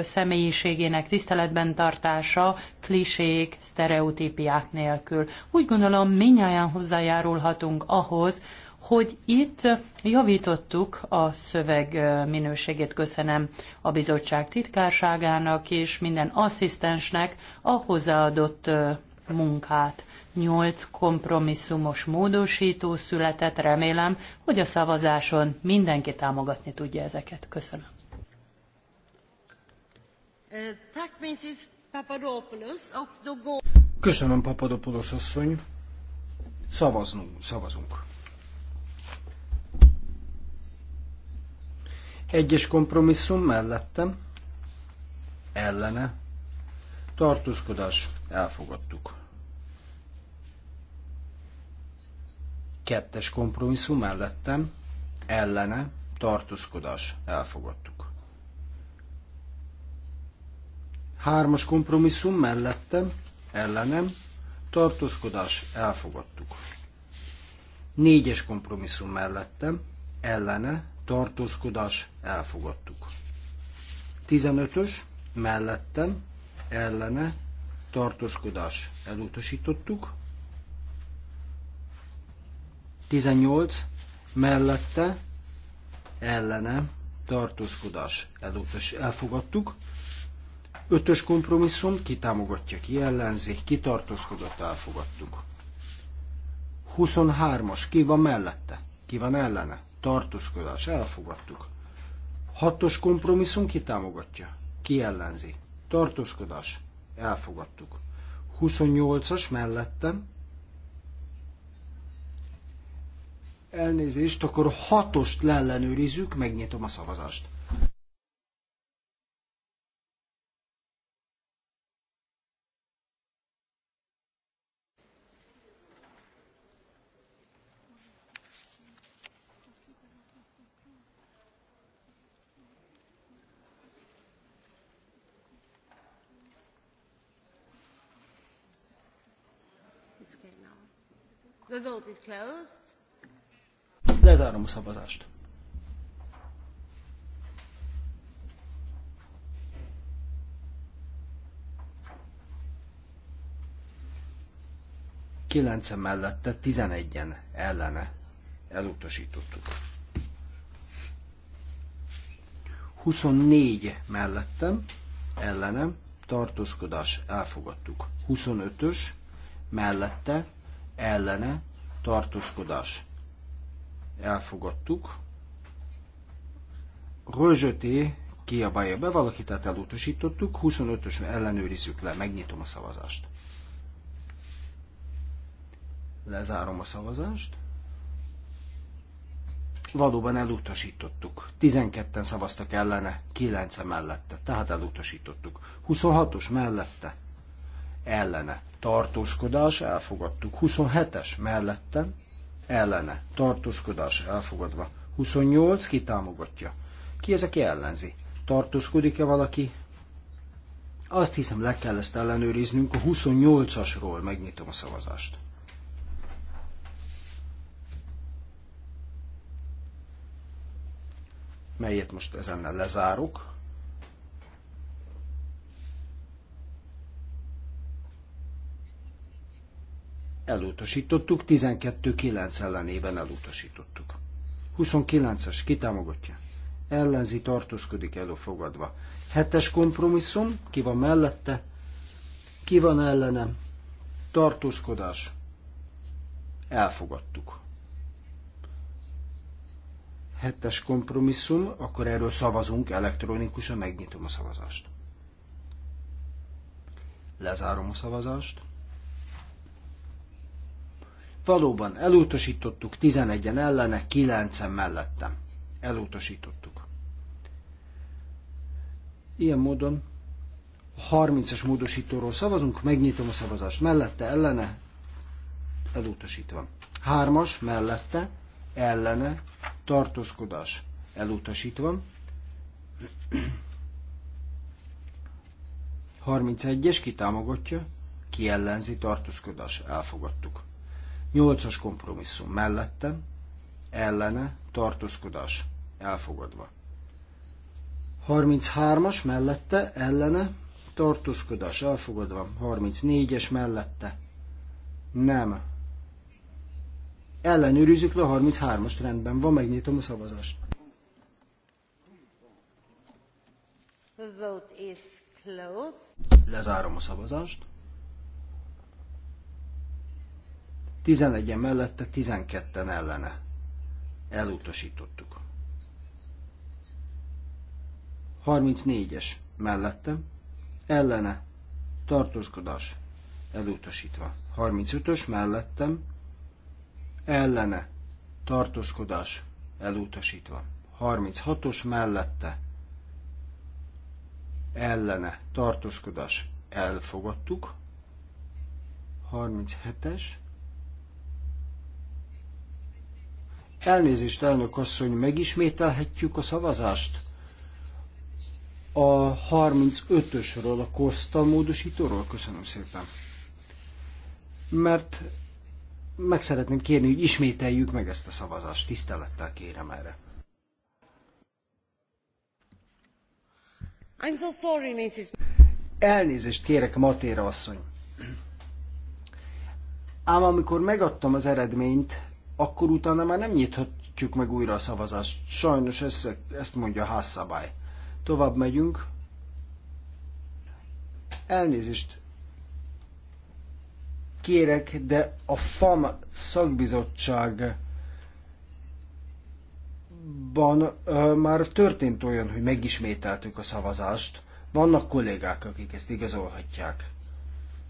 Speaker 2: személyiségének tiszteletben tartása klisék, sztereotípiák nélkül. Úgy gondolom, minnyáján hozzájárulhatunk ahhoz, hogy itt javítottuk a szöveg minőségét, köszönöm a bizottság titkárságának és minden asszisztensnek a hozzáadott munkát. Nyolc kompromisszumos módosító született, remélem, hogy a szavazáson mindenki támogatni tudja
Speaker 4: ezeket. Köszönöm. Köszönöm, Papadopoulos asszony. Szavaznunk, szavazunk. Egyes kompromisszum mellettem, ellene, tartózkodás, elfogadtuk. Kettes kompromisszum mellettem, ellene, tartózkodás, elfogadtuk. Hármas kompromisszum mellettem, ellenem, tartózkodás, elfogadtuk. Négyes kompromisszum mellettem, ellene, tartózkodás, elfogadtuk. 15-ös, mellettem, ellene, tartózkodás, elutasítottuk. 18, mellette, ellene, tartózkodás, elutas, elfogadtuk. Ötös kompromisszum, ki támogatja, ki ellenzi, ki tartózkodott, elfogadtuk. 23-as, ki van mellette, ki van ellene, tartózkodás, elfogadtuk. Hatos kompromisszum ki támogatja? Ki ellenzi? Tartózkodás, elfogadtuk. 28-as mellettem. Elnézést, akkor hatost leellenőrizzük, megnyitom a szavazást. Lezárom a szavazást. Kilence mellette, tizenegyen ellene elutasítottuk. 24 mellettem, ellenem, tartózkodás, elfogadtuk. 25-ös, mellette, ellene, tartózkodás. Elfogadtuk. Rözsöté kiabálja be valaki, tehát elutasítottuk. 25-ös ellenőrizzük le, megnyitom a szavazást. Lezárom a szavazást. Valóban elutasítottuk. 12-en szavaztak ellene, 9 -e mellette, tehát elutasítottuk. 26-os mellette, ellene tartózkodás elfogadtuk. 27-es mellette ellene tartózkodás elfogadva. 28 ki támogatja. Ki ez, aki ellenzi? Tartózkodik-e valaki? Azt hiszem, le kell ezt ellenőriznünk a 28-asról. Megnyitom a szavazást. melyet most ezennel lezárok. elutasítottuk, 12-9 ellenében elutasítottuk. 29-es kitámogatja. Ellenzi tartózkodik előfogadva. 7-es kompromisszum, ki van mellette, ki van ellenem. Tartózkodás. Elfogadtuk. 7-es kompromisszum, akkor erről szavazunk elektronikusan, megnyitom a szavazást. Lezárom a szavazást. Valóban elutasítottuk 11-en ellene, 9-en mellettem. Elutasítottuk. Ilyen módon a 30-as módosítóról szavazunk, megnyitom a szavazást mellette, ellene, elutasítva. Hármas, mellette, ellene, tartózkodás, elutasítva. 31-es kitámogatja, ki ellenzi tartózkodás, elfogadtuk. Nyolcas kompromisszum mellette, ellene, tartózkodás elfogadva. 33-as mellette, ellene, tartózkodás elfogadva. 34-es mellette, nem. Ellenőrizzük le a 33-as rendben van, megnyitom a szavazást. Lezárom a szavazást. 11-en mellette, 12-en ellene. Elutasítottuk. 34-es mellette, ellene, tartózkodás, elutasítva. 35-ös mellettem, ellene, tartózkodás, elutasítva. 36-os mellette, ellene, tartózkodás, elfogadtuk. 37-es, Elnézést, elnök asszony, megismételhetjük a szavazást? A 35-ösről, a Kosta módosítóról? Köszönöm szépen. Mert meg szeretném kérni, hogy ismételjük meg ezt a szavazást. Tisztelettel kérem erre.
Speaker 3: I'm so sorry, Mrs.
Speaker 4: Elnézést kérek, Matéra asszony. Ám amikor megadtam az eredményt, akkor utána már nem nyithatjuk meg újra a szavazást. Sajnos ezt, ezt mondja a házszabály. Tovább megyünk. Elnézést kérek, de a FAM szakbizottság ban már történt olyan, hogy megismételtük a szavazást. Vannak kollégák, akik ezt igazolhatják.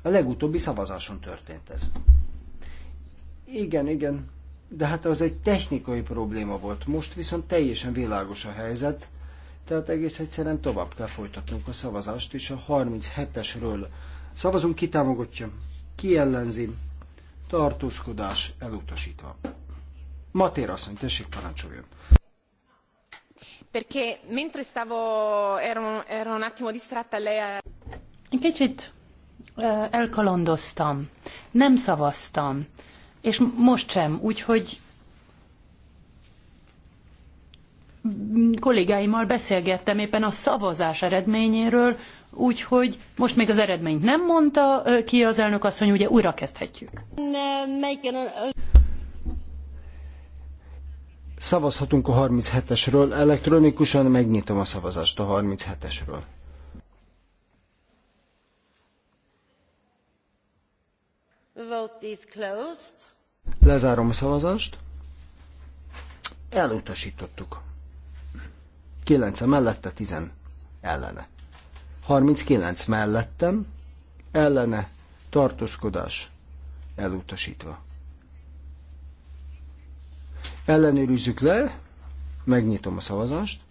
Speaker 4: A legutóbbi szavazáson történt ez. Igen, igen de hát az egy technikai probléma volt. Most viszont teljesen világos a helyzet, tehát egész egyszerűen tovább kell folytatnunk a szavazást, és a 37-esről szavazunk, ki támogatja, ki ellenzi, tartózkodás elutasítva. Matér asszony, tessék parancsoljon.
Speaker 2: Perché
Speaker 1: mentre stavo, ero, ero un attimo distratta, lei...
Speaker 2: Kicsit elkalandoztam, nem szavaztam és most sem, úgyhogy kollégáimmal beszélgettem éppen a szavazás eredményéről, úgyhogy most még az eredményt nem mondta ki az elnök asszony, ugye újra kezdhetjük.
Speaker 4: Szavazhatunk a 37-esről, elektronikusan megnyitom a szavazást a 37-esről.
Speaker 3: Vote is closed.
Speaker 4: Lezárom a szavazást. Elutasítottuk. 9 mellette, 10 ellene. 39 mellettem, ellene, tartózkodás, elutasítva. Ellenőrizzük le, megnyitom a szavazást.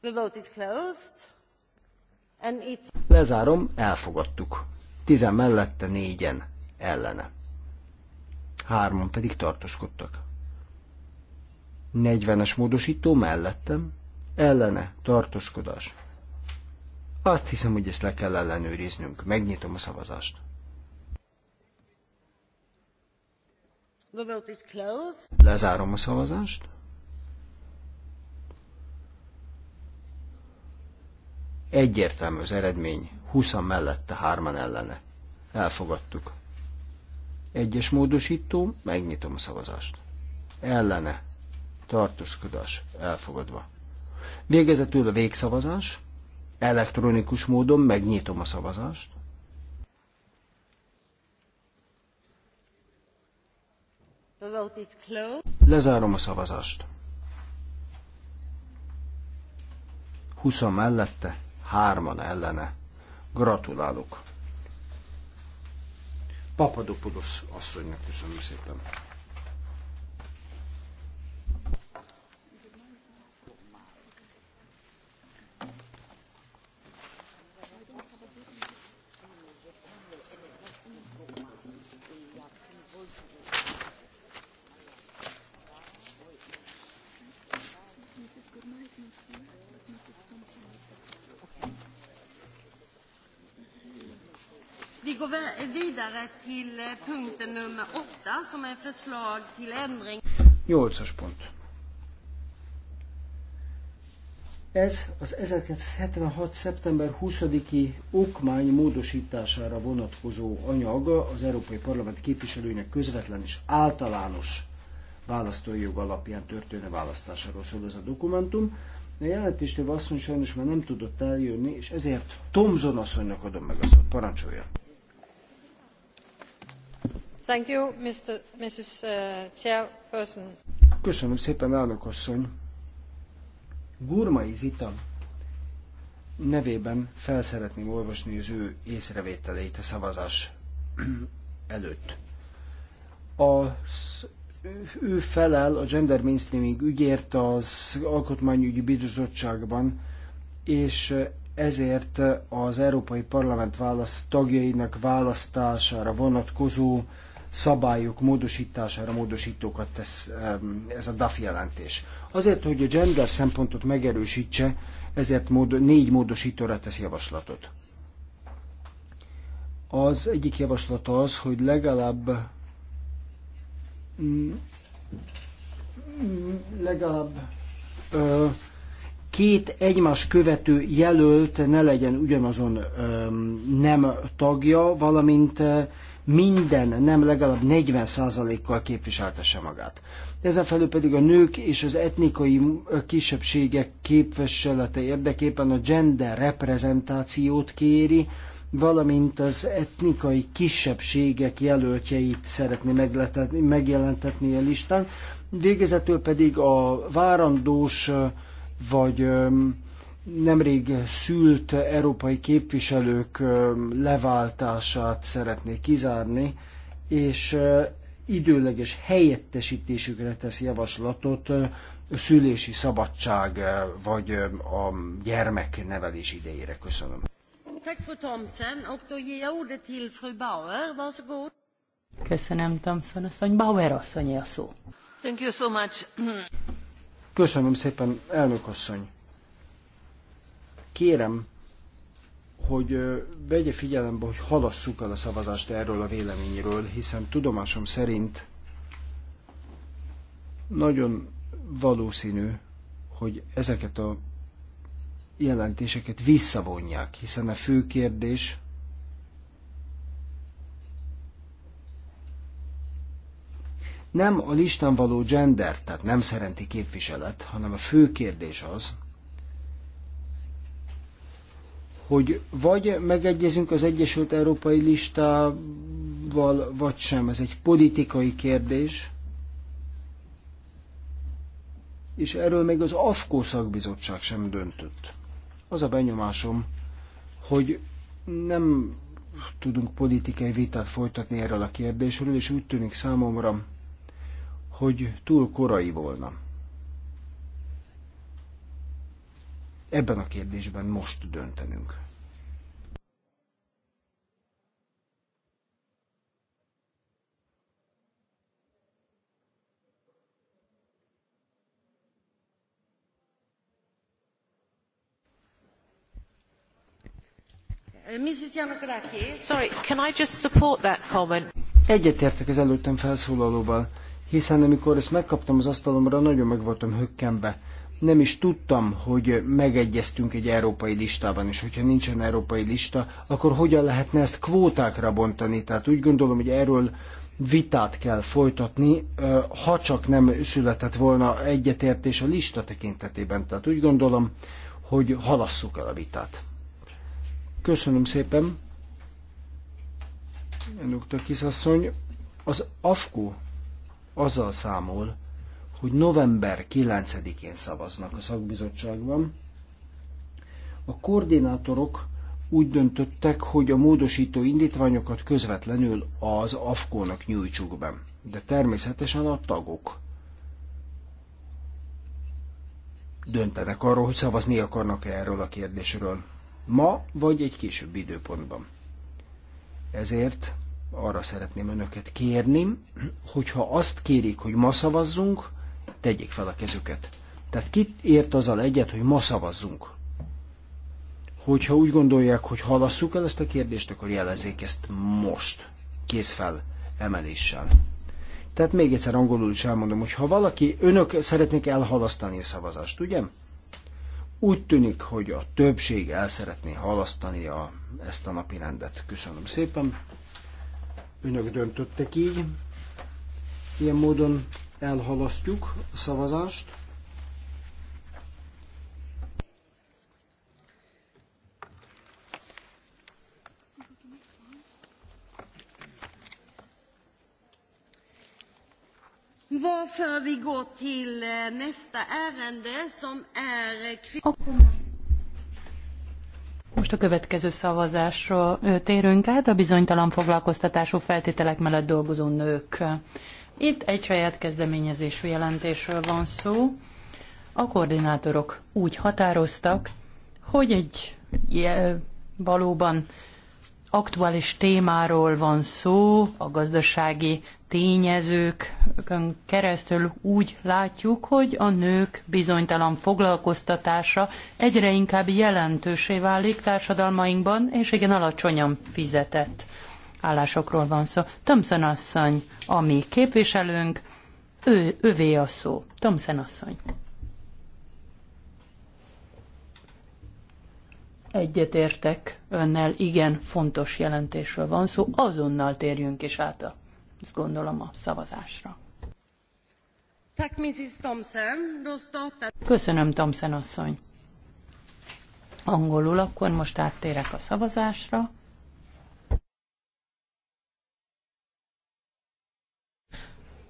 Speaker 3: The vote is closed. And it's... Lezárom,
Speaker 4: elfogadtuk tizen mellette, négyen ellene. Hárman pedig tartoskodtak. Negyvenes módosító mellettem, ellene tartoskodás. Azt hiszem, hogy ezt le kell ellenőriznünk. Megnyitom a szavazást. Lezárom a szavazást. Egyértelmű az eredmény, húszan mellette, hárman ellene. Elfogadtuk. Egyes módosító, megnyitom a szavazást. Ellene. Tartózkodás. Elfogadva. Végezetül a végszavazás. Elektronikus módon megnyitom a szavazást. Lezárom a szavazást. 20 mellette, 3 ellene Gratulálok! Papadopoulos asszonynak köszönöm szépen!
Speaker 3: till eh, punkten nummer 8 som är förslag till ändring.
Speaker 4: 8 pont. Ez az 1976. szeptember 20-i okmány módosítására vonatkozó anyaga az Európai Parlament képviselőinek közvetlen és általános választói jog alapján történő választásáról szól ez a dokumentum. A jelentéstől asszony sajnos már nem tudott eljönni, és ezért Tomzon asszonynak adom meg a szót. Parancsolja! Uh, Köszönöm szépen, elnök asszony. Gurmai Zita nevében felszeretném olvasni az ő észrevételeit a szavazás előtt. A ő felel a gender mainstreaming ügyért az Alkotmányügyi Bizottságban, és ezért az Európai Parlament választ, tagjainak választására vonatkozó szabályok módosítására módosítókat tesz ez a DAF jelentés. Azért, hogy a gender szempontot megerősítse, ezért négy módosítóra tesz javaslatot. Az egyik javaslat az, hogy legalább mm, mm, legalább ö, két egymás követő jelölt ne legyen ugyanazon ö, nem tagja, valamint minden nem legalább 40%-kal képviseltesse magát. Ezen felül pedig a nők és az etnikai kisebbségek képviselete érdekében a gender reprezentációt kéri, valamint az etnikai kisebbségek jelöltjeit szeretné megjelentetni a listán, végezetül pedig a várandós vagy nemrég szült európai képviselők leváltását szeretné kizárni, és időleges helyettesítésükre tesz javaslatot a szülési szabadság vagy a gyermeknevelés idejére. Köszönöm.
Speaker 2: Köszönöm, Thompson asszony. Bauer asszonyé a szó.
Speaker 3: Thank you so much.
Speaker 4: Köszönöm szépen, elnök asszony. Kérem, hogy vegye figyelembe, hogy halasszuk el a szavazást erről a véleményről, hiszen tudomásom szerint nagyon valószínű, hogy ezeket a jelentéseket visszavonják, hiszen a fő kérdés nem a listán való gender, tehát nem szerenti képviselet, hanem a fő kérdés az, hogy vagy megegyezünk az Egyesült Európai Listával, vagy sem. Ez egy politikai kérdés. És erről még az AFKO szakbizottság sem döntött. Az a benyomásom, hogy nem tudunk politikai vitát folytatni erről a kérdésről, és úgy tűnik számomra, hogy túl korai volna. Ebben a kérdésben most döntenünk.
Speaker 3: Uh,
Speaker 4: Egyetértek az előttem felszólalóval, hiszen amikor ezt megkaptam az asztalomra, nagyon meg voltam hökkenve. Nem is tudtam, hogy megegyeztünk egy európai listában, és hogyha nincsen európai lista, akkor hogyan lehetne ezt kvótákra bontani? Tehát úgy gondolom, hogy erről vitát kell folytatni, uh, ha csak nem született volna egyetértés a lista tekintetében. Tehát úgy gondolom, hogy halasszuk el a vitát. Köszönöm szépen, Dr. Kisasszony. Az AFKO azzal számol, hogy november 9-én szavaznak a szakbizottságban. A koordinátorok úgy döntöttek, hogy a módosító indítványokat közvetlenül az AFKO-nak nyújtsuk be. De természetesen a tagok döntenek arról, hogy szavazni akarnak -e erről a kérdésről ma vagy egy később időpontban. Ezért arra szeretném önöket kérni, hogyha azt kérik, hogy ma szavazzunk, tegyék fel a kezüket. Tehát ki ért azzal egyet, hogy ma szavazzunk? Hogyha úgy gondolják, hogy halasszuk el ezt a kérdést, akkor jelezzék ezt most. Kész fel emeléssel. Tehát még egyszer angolul is elmondom, hogy ha valaki, önök szeretnék elhalasztani a szavazást, ugye? Úgy tűnik, hogy a többség el szeretné halasztani a, ezt a napi rendet. Köszönöm szépen. Önök döntöttek így. Ilyen módon elhalasztjuk a szavazást.
Speaker 3: för vi går till eh, nästa ärende som är... Eh,
Speaker 2: Most a következő szavazásra térünk át a bizonytalan foglalkoztatású feltételek mellett dolgozó nők. Itt egy saját kezdeményezésű jelentésről van szó. A koordinátorok úgy határoztak, hogy egy valóban aktuális témáról van szó, a gazdasági tényezőkön keresztül úgy látjuk, hogy a nők bizonytalan foglalkoztatása egyre inkább jelentősé válik társadalmainkban, és igen alacsonyan fizetett állásokról van szó. Tömszen asszony, ami képviselőnk, ő, övé a szó. Tömszen asszony. Egyetértek önnel, igen, fontos jelentésről van szó, azonnal térjünk is át a, azt gondolom, a szavazásra. Köszönöm, Thompson asszony. Angolul akkor most áttérek a szavazásra.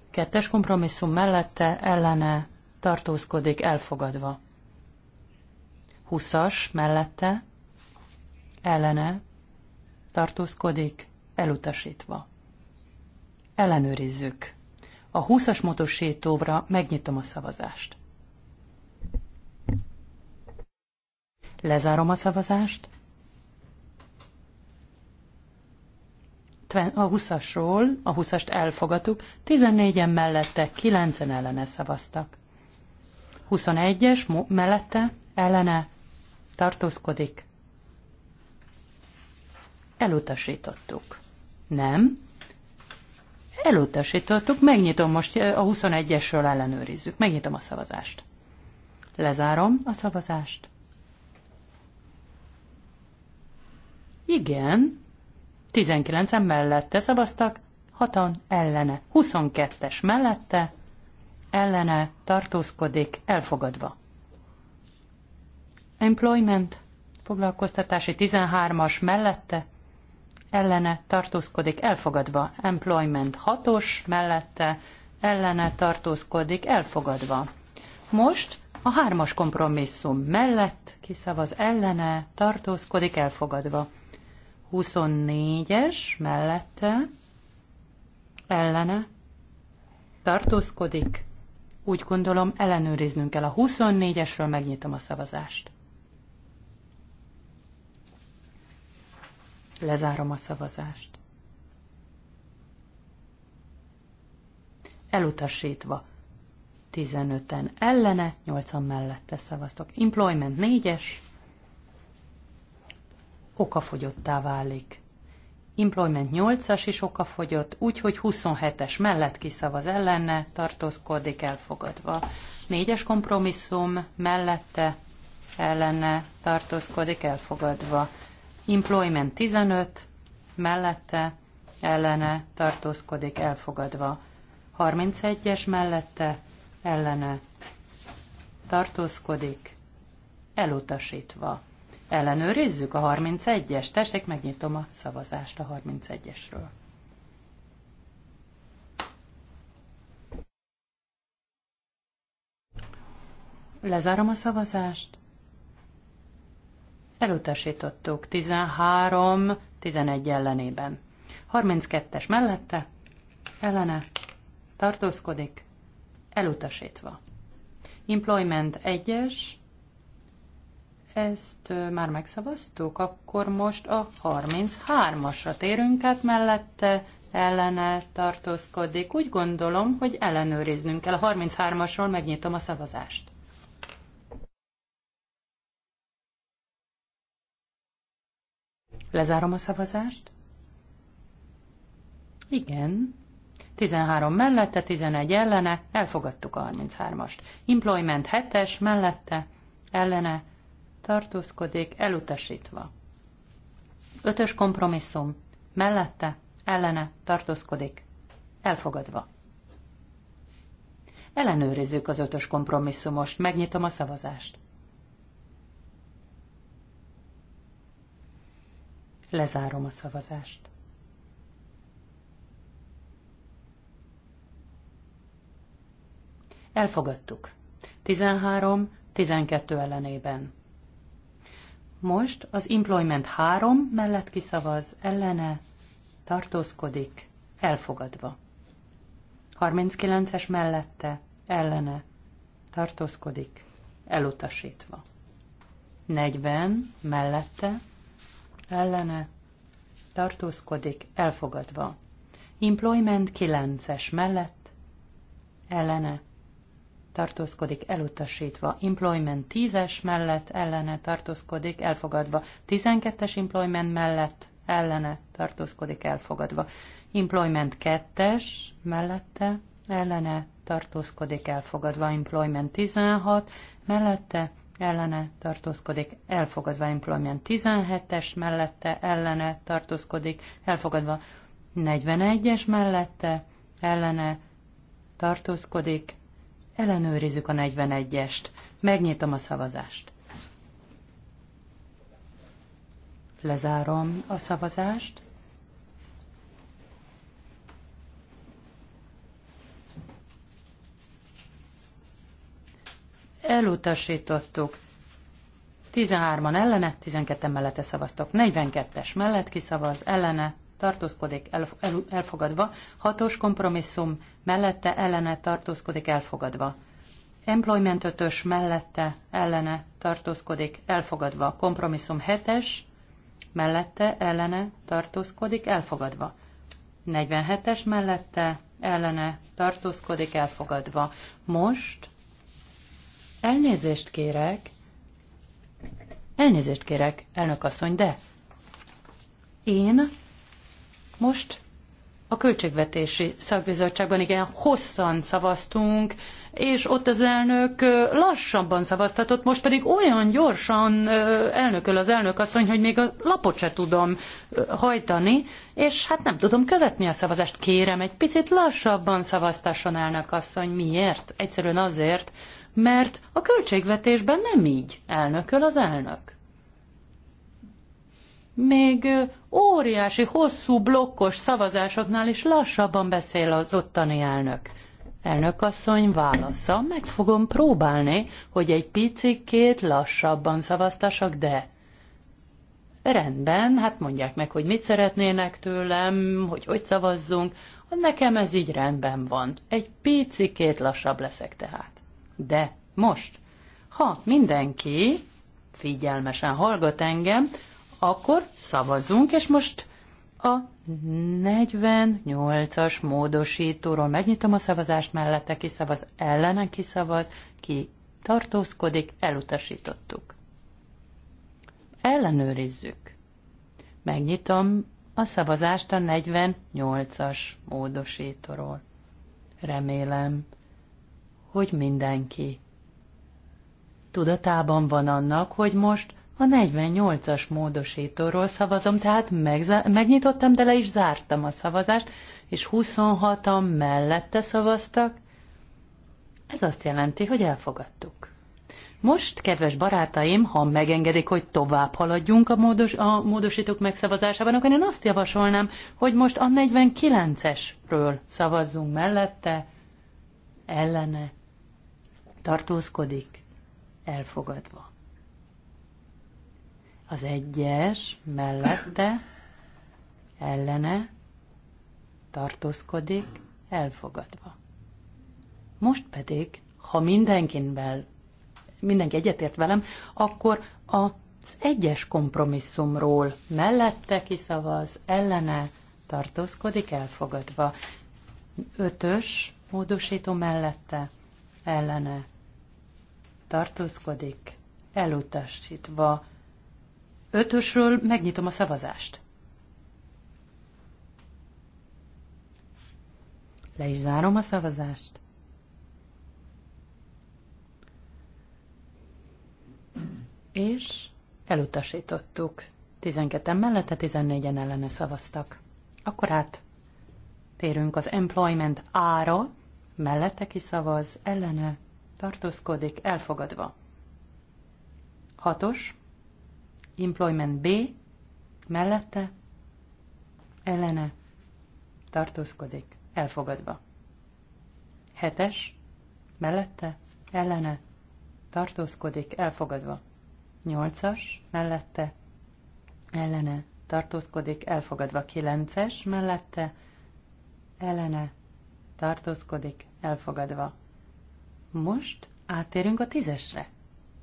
Speaker 2: Kettes kompromisszum mellette ellene tartózkodik elfogadva. 20-as mellette ellene tartózkodik, elutasítva. Ellenőrizzük. A 20-as módosítóvra megnyitom a szavazást. Lezárom a szavazást. A 20-asról, a 20-ast elfogadtuk, 14-en mellette, 9-en ellene szavaztak. 21-es mellette, ellene tartózkodik, Elutasítottuk. Nem? Elutasítottuk. Megnyitom most eh, a 21-esről ellenőrizzük. Megnyitom a szavazást. Lezárom a szavazást. Igen. 19-en mellette szavaztak, 6-an ellene. 22-es mellette, ellene tartózkodik, elfogadva. Employment, foglalkoztatási 13-as mellette, ellene tartózkodik, elfogadva. Employment 6-os mellette ellene tartózkodik, elfogadva. Most a hármas kompromisszum mellett kiszavaz ellene tartózkodik, elfogadva. 24-es mellette ellene tartózkodik. Úgy gondolom, ellenőriznünk kell a 24-esről, megnyitom a szavazást. Lezárom a szavazást. Elutasítva. 15-en ellene, 8-an mellette szavaztok. Employment 4-es. Okafogyottá válik. Employment 8-as is okafogyott, úgyhogy 27-es mellett kiszavaz ellene, tartózkodik elfogadva. 4-es kompromisszum mellette ellene tartózkodik elfogadva. Employment 15, mellette, ellene, tartózkodik, elfogadva. 31-es mellette, ellene, tartózkodik, elutasítva. Ellenőrizzük a 31-es. Tessék, megnyitom a szavazást a 31-esről. Lezárom a szavazást. Elutasítottuk 13-11 ellenében. 32-es mellette, ellene, tartózkodik, elutasítva. Employment 1-es, ezt már megszavaztuk, akkor most a 33-asra térünk át mellette, ellene tartózkodik. Úgy gondolom, hogy ellenőriznünk kell. A 33-asról megnyitom a szavazást. Lezárom a szavazást. Igen. 13 mellette, 11 ellene, elfogadtuk a 33-ast. Employment 7-es mellette, ellene, tartózkodik, elutasítva. Ötös kompromisszum, mellette, ellene, tartózkodik, elfogadva. Ellenőrizzük az ötös kompromisszumost, megnyitom a szavazást. Lezárom a szavazást. Elfogadtuk. 13-12 ellenében. Most az Employment 3 mellett kiszavaz, ellene tartózkodik, elfogadva. 39-es mellette, ellene tartózkodik, elutasítva. 40 mellette, ellene tartózkodik, elfogadva. Employment 9-es mellett, ellene tartózkodik, elutasítva. Employment 10-es mellett, ellene tartózkodik, elfogadva. 12-es employment mellett, ellene tartózkodik, elfogadva. Employment 2-es mellette, ellene tartózkodik, elfogadva. Employment 16 mellette, ellene tartózkodik, elfogadva employment 17-es mellette ellene tartózkodik, elfogadva 41-es mellette ellene tartózkodik, ellenőrizzük a 41-est, megnyitom a szavazást. Lezárom a szavazást. elutasítottuk. 13-an ellene, 12-en mellette szavaztak. 42-es mellett kiszavaz, ellene, tartózkodik, elf- el- elfogadva. 6-os kompromisszum, mellette, ellene, tartózkodik, elfogadva. Employment 5-ös mellette, ellene, tartózkodik, elfogadva. Kompromisszum 7-es, mellette, ellene, tartózkodik, elfogadva. 47-es mellette, ellene, tartózkodik, elfogadva. Most Elnézést kérek. Elnézést kérek, elnök asszony, de én most a költségvetési szakbizottságban igen hosszan szavaztunk, és ott az elnök lassabban szavaztatott, most pedig olyan gyorsan elnököl az elnök asszony, hogy még a lapot se tudom hajtani, és hát nem tudom követni a szavazást. Kérem, egy picit lassabban szavaztasson elnök asszony. Miért? Egyszerűen azért, mert a költségvetésben nem így elnököl az elnök. Még óriási, hosszú, blokkos szavazásoknál is lassabban beszél az ottani elnök. Elnökasszony válasza, meg fogom próbálni, hogy egy picikét lassabban szavaztassak, de rendben, hát mondják meg, hogy mit szeretnének tőlem, hogy hogy szavazzunk, nekem ez így rendben van. Egy picikét lassabb leszek tehát. De most, ha mindenki figyelmesen hallgat engem, akkor szavazzunk, és most a 48-as módosítóról megnyitom a szavazást mellette, ki szavaz ellene, ki szavaz, ki tartózkodik, elutasítottuk. Ellenőrizzük. Megnyitom a szavazást a 48-as módosítóról. Remélem, hogy mindenki tudatában van annak, hogy most a 48-as módosítóról szavazom, tehát megnyitottam, de le is zártam a szavazást, és 26-an mellette szavaztak. Ez azt jelenti, hogy elfogadtuk. Most, kedves barátaim, ha megengedik, hogy tovább haladjunk a, módos, a módosítók megszavazásában, akkor én azt javasolnám, hogy most a 49-esről szavazzunk mellette, ellene, tartózkodik, elfogadva. Az egyes mellette, ellene, tartózkodik, elfogadva. Most pedig, ha mindenkinvel, mindenki egyetért velem, akkor az egyes kompromisszumról mellette kiszavaz, ellene, tartózkodik, elfogadva. Ötös módosító mellette, ellene tartózkodik, elutasítva. Ötösről megnyitom a szavazást. Le is zárom a szavazást. És elutasítottuk. 12 mellette, 14-en ellene szavaztak. Akkor át térünk az employment ára, mellette kiszavaz, ellene tartózkodik, elfogadva. Hatos, employment B, mellette, ellene, tartózkodik, elfogadva. Hetes, mellette, ellene, tartózkodik, elfogadva. Nyolcas, mellette, ellene, tartózkodik, elfogadva. Kilences, mellette, ellene, tartózkodik, elfogadva. Most átérünk a tízesre.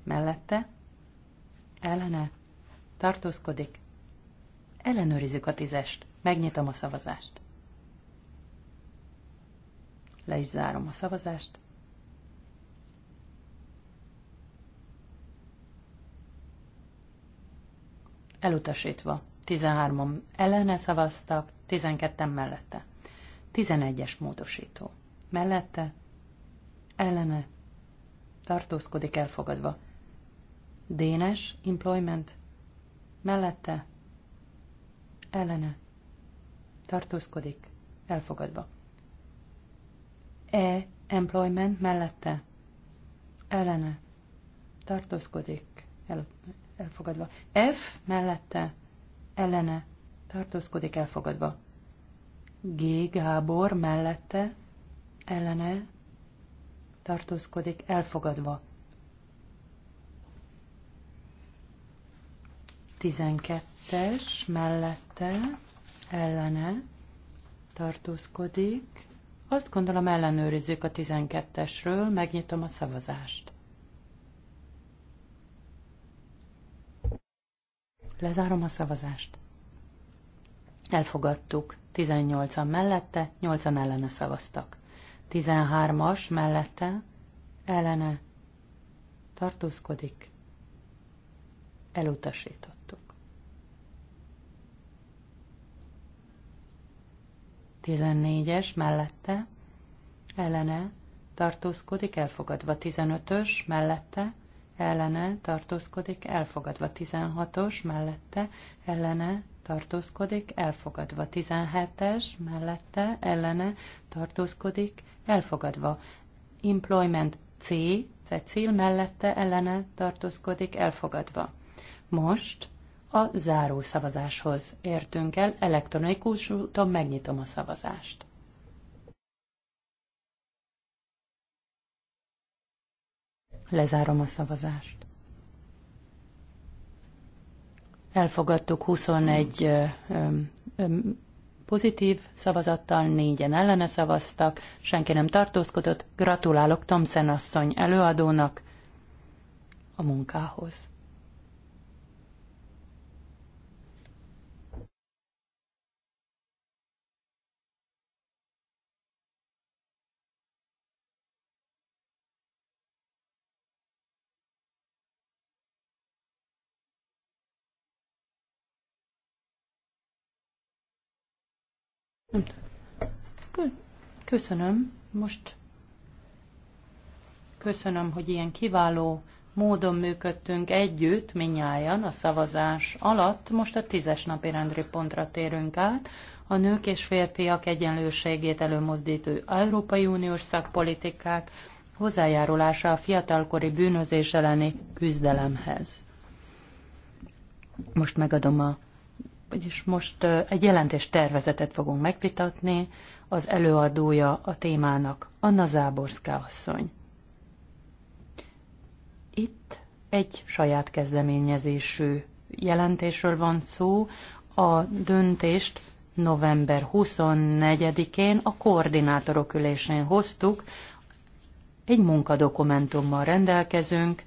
Speaker 2: Mellette ellene tartózkodik. Ellenőrizzük a tízest. Megnyitom a szavazást. Le is zárom a szavazást. Elutasítva. 13 on ellene szavaztak, 12-en mellette. 11-es módosító. Mellette ellene tartózkodik elfogadva. Dénes employment mellette ellene tartózkodik elfogadva. E employment mellette ellene tartózkodik el, elfogadva. F mellette ellene tartózkodik elfogadva. G Gábor mellette ellene tartózkodik, elfogadva. 12-es mellette, ellene tartózkodik. Azt gondolom ellenőrizzük a 12-esről, megnyitom a szavazást. Lezárom a szavazást. Elfogadtuk. 18-an mellette, 8-an ellene szavaztak. 13-as mellette ellene tartózkodik. Elutasítottuk. 14-es mellette ellene tartózkodik, elfogadva 15-ös mellette ellene tartózkodik, elfogadva 16-os mellette ellene tartózkodik, elfogadva 17-es mellette ellene tartózkodik, elfogadva. Employment C, cél mellette ellene tartózkodik, elfogadva. Most a záró szavazáshoz értünk el, elektronikus úton megnyitom a szavazást. Lezárom a szavazást. Elfogadtuk 21 ö, ö, ö, pozitív szavazattal, négyen ellene szavaztak, senki nem tartózkodott. Gratulálok Tomszen asszony előadónak a munkához. Nem tudom. Köszönöm. Most köszönöm, hogy ilyen kiváló módon működtünk együtt, minnyáján a szavazás alatt. Most a tízes napi rendőri pontra térünk át. A nők és férfiak egyenlőségét előmozdító Európai Uniós szakpolitikák hozzájárulása a fiatalkori bűnözés elleni küzdelemhez. Most megadom a vagyis most egy jelentés tervezetet fogunk megvitatni, az előadója a témának Anna Záborszka asszony. Itt egy saját kezdeményezésű jelentésről van szó, a döntést november 24-én a koordinátorok ülésén hoztuk, egy munkadokumentummal rendelkezünk,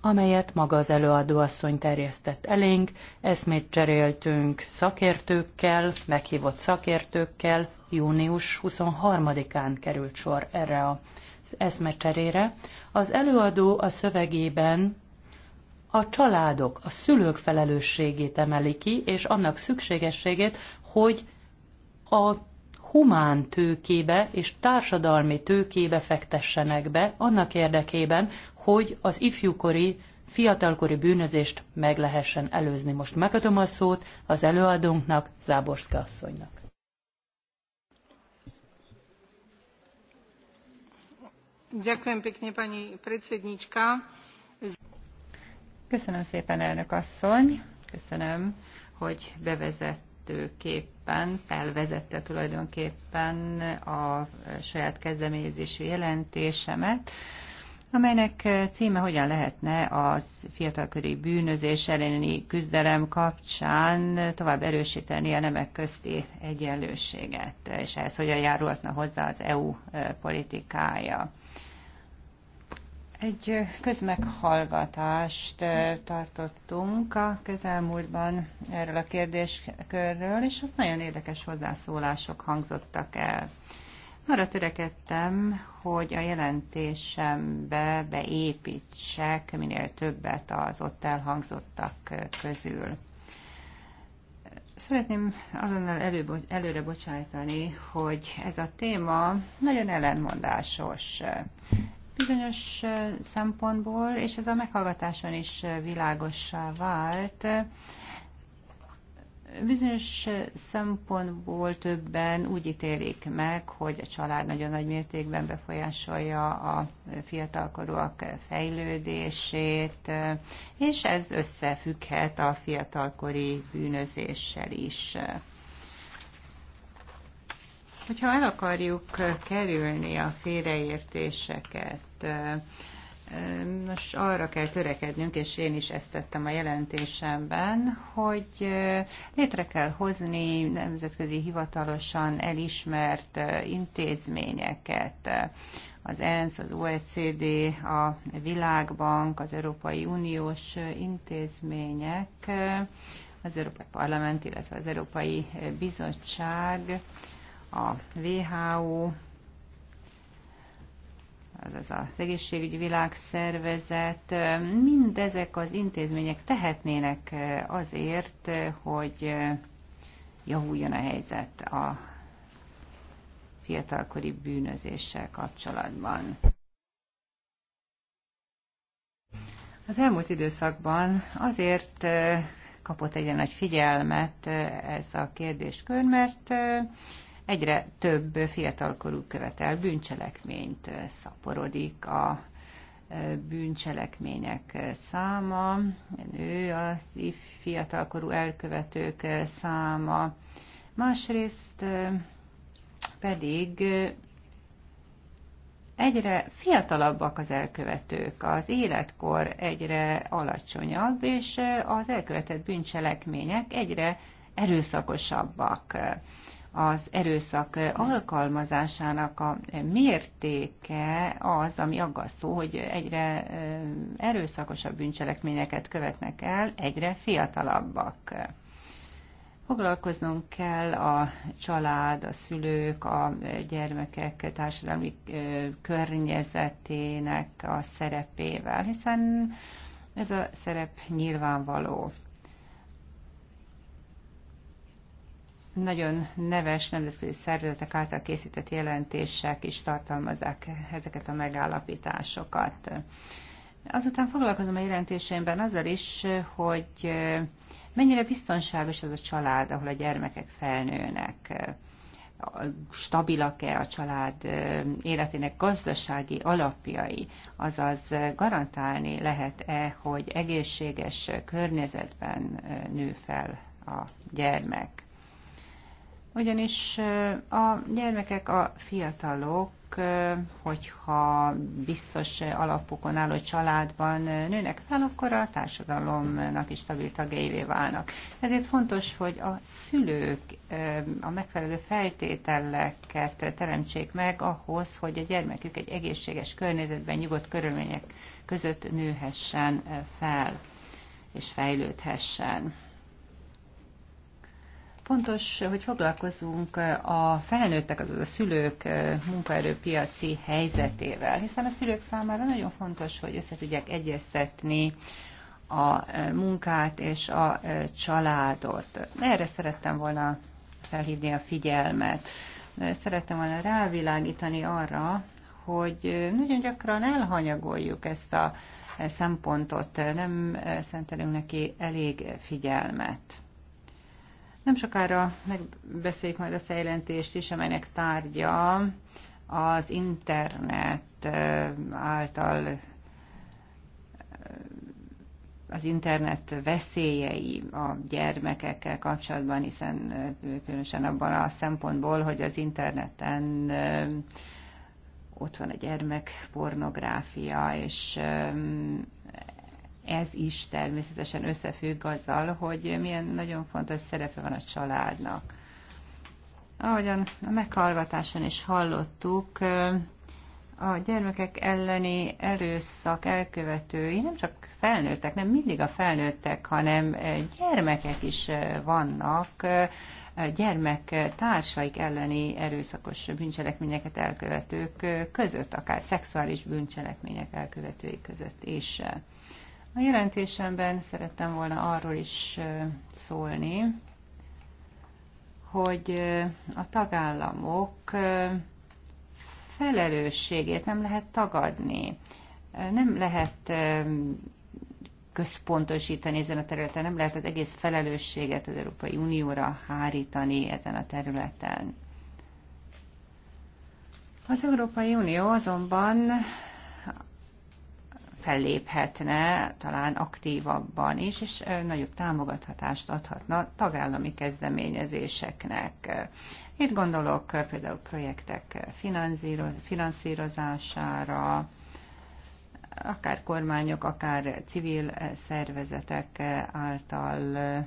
Speaker 2: amelyet maga az előadó asszony terjesztett elénk. Eszmét cseréltünk szakértőkkel, meghívott szakértőkkel. Június 23-án került sor erre az eszmecserére. Az előadó a szövegében a családok, a szülők felelősségét emeli ki, és annak szükségességét, hogy a humán tőkébe és társadalmi tőkébe fektessenek be annak érdekében, hogy az ifjúkori, fiatalkori bűnözést meg lehessen előzni. Most megadom a szót az előadónknak, Záborszka asszonynak.
Speaker 1: Köszönöm szépen, elnök asszony. Köszönöm, hogy bevezetőképpen, felvezette tulajdonképpen a saját kezdeményezésű jelentésemet amelynek eh, címe hogyan lehetne a fiatalköri bűnözés elleni küzdelem kapcsán tovább erősíteni a nemek közti egyenlőséget, és ehhez hogyan járulhatna hozzá az EU eh, politikája. Egy eh, közmeghallgatást tartottunk a közelmúltban erről a kérdéskörről, és ott nagyon érdekes hozzászólások hangzottak el. Arra törekedtem, hogy a jelentésembe beépítsek minél többet az ott elhangzottak közül. Szeretném azonnal elő, előre bocsájtani, hogy ez a téma nagyon ellenmondásos bizonyos szempontból, és ez a meghallgatáson is világossá vált, Bizonyos szempontból többen úgy ítélik meg, hogy a család nagyon nagy mértékben befolyásolja a fiatalkorúak fejlődését, és ez összefügghet a fiatalkori bűnözéssel is. Hogyha el akarjuk kerülni a félreértéseket, Nos, arra kell törekednünk, és én is ezt tettem a jelentésemben, hogy létre kell hozni nemzetközi hivatalosan elismert intézményeket, az ENSZ, az OECD, a Világbank, az Európai Uniós intézmények, az Európai Parlament, illetve az Európai Bizottság, a WHO, azaz az egészségügyi világszervezet, mindezek az intézmények tehetnének azért, hogy javuljon a helyzet a fiatalkori bűnözéssel kapcsolatban. Az elmúlt időszakban azért kapott egyen nagy figyelmet ez a kérdéskör, mert egyre több fiatalkorú követel bűncselekményt, szaporodik a bűncselekmények száma, nő az fiatalkorú elkövetők száma, másrészt pedig egyre fiatalabbak az elkövetők, az életkor egyre alacsonyabb, és az elkövetett bűncselekmények egyre erőszakosabbak az erőszak alkalmazásának a mértéke az, ami aggasztó, hogy egyre erőszakosabb bűncselekményeket követnek el, egyre fiatalabbak. Foglalkoznunk kell a család, a szülők, a gyermekek társadalmi környezetének a szerepével, hiszen ez a szerep nyilvánvaló. nagyon neves nemzetközi szervezetek által készített jelentések is tartalmazzák ezeket a megállapításokat. Azután foglalkozom a jelentéseimben azzal is, hogy mennyire biztonságos az a család, ahol a gyermekek felnőnek, stabilak-e a család életének gazdasági alapjai, azaz garantálni lehet-e, hogy egészséges környezetben nő fel a gyermek. Ugyanis a gyermekek, a fiatalok, hogyha biztos alapokon álló családban nőnek fel, akkor a társadalomnak is stabil tagjaivé válnak. Ezért fontos, hogy a szülők a megfelelő feltételeket teremtsék meg ahhoz, hogy a gyermekük egy egészséges környezetben, nyugodt körülmények között nőhessen fel és fejlődhessen. Fontos, hogy foglalkozunk a felnőttek, azaz a szülők munkaerőpiaci helyzetével, hiszen a szülők számára nagyon fontos, hogy össze tudják egyeztetni a munkát és a családot. Erre szerettem volna felhívni a figyelmet. Szerettem volna rávilágítani arra, hogy nagyon gyakran elhanyagoljuk ezt a szempontot, nem szentelünk neki elég figyelmet. Nem sokára megbeszéljük majd a fejlentést is, amelynek tárgya az internet által az internet veszélyei a gyermekekkel kapcsolatban, hiszen különösen abban a szempontból, hogy az interneten ott van a gyermek pornográfia, és ez is természetesen összefügg azzal, hogy milyen nagyon fontos szerepe van a családnak. Ahogyan a meghallgatáson is hallottuk, a gyermekek elleni erőszak elkövetői nem csak felnőttek, nem mindig a felnőttek, hanem gyermekek is vannak, gyermek társaik elleni erőszakos bűncselekményeket elkövetők között, akár szexuális bűncselekmények elkövetői között is. És a jelentésemben szerettem volna arról is szólni, hogy a tagállamok felelősségét nem lehet tagadni. Nem lehet központosítani ezen a területen, nem lehet az egész felelősséget az Európai Unióra hárítani ezen a területen. Az Európai Unió azonban felléphetne, talán aktívabban is, és nagyobb támogathatást adhatna tagállami kezdeményezéseknek. Itt gondolok például projektek finanszírozására, akár kormányok, akár civil szervezetek által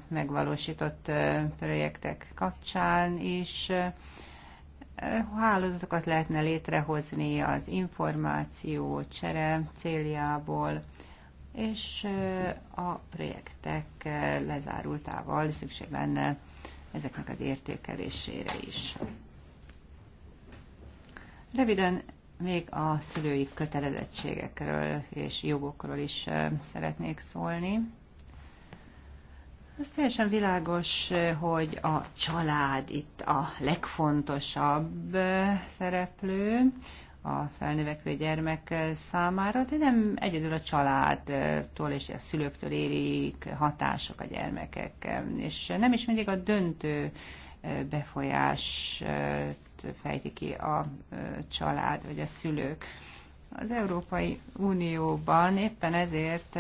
Speaker 1: megvalósított projektek kapcsán is, hálózatokat lehetne létrehozni az információ csere céljából, és a projektek lezárultával szükség lenne ezeknek az értékelésére is. Röviden még a szülői kötelezettségekről és jogokról is szeretnék szólni. Az teljesen világos, hogy a család itt a legfontosabb szereplő a felnövekvő gyermek számára, de nem egyedül a családtól és a szülőktől érik hatások a gyermekek, és nem is mindig a döntő befolyást fejti ki a család vagy a szülők. Az Európai Unióban éppen ezért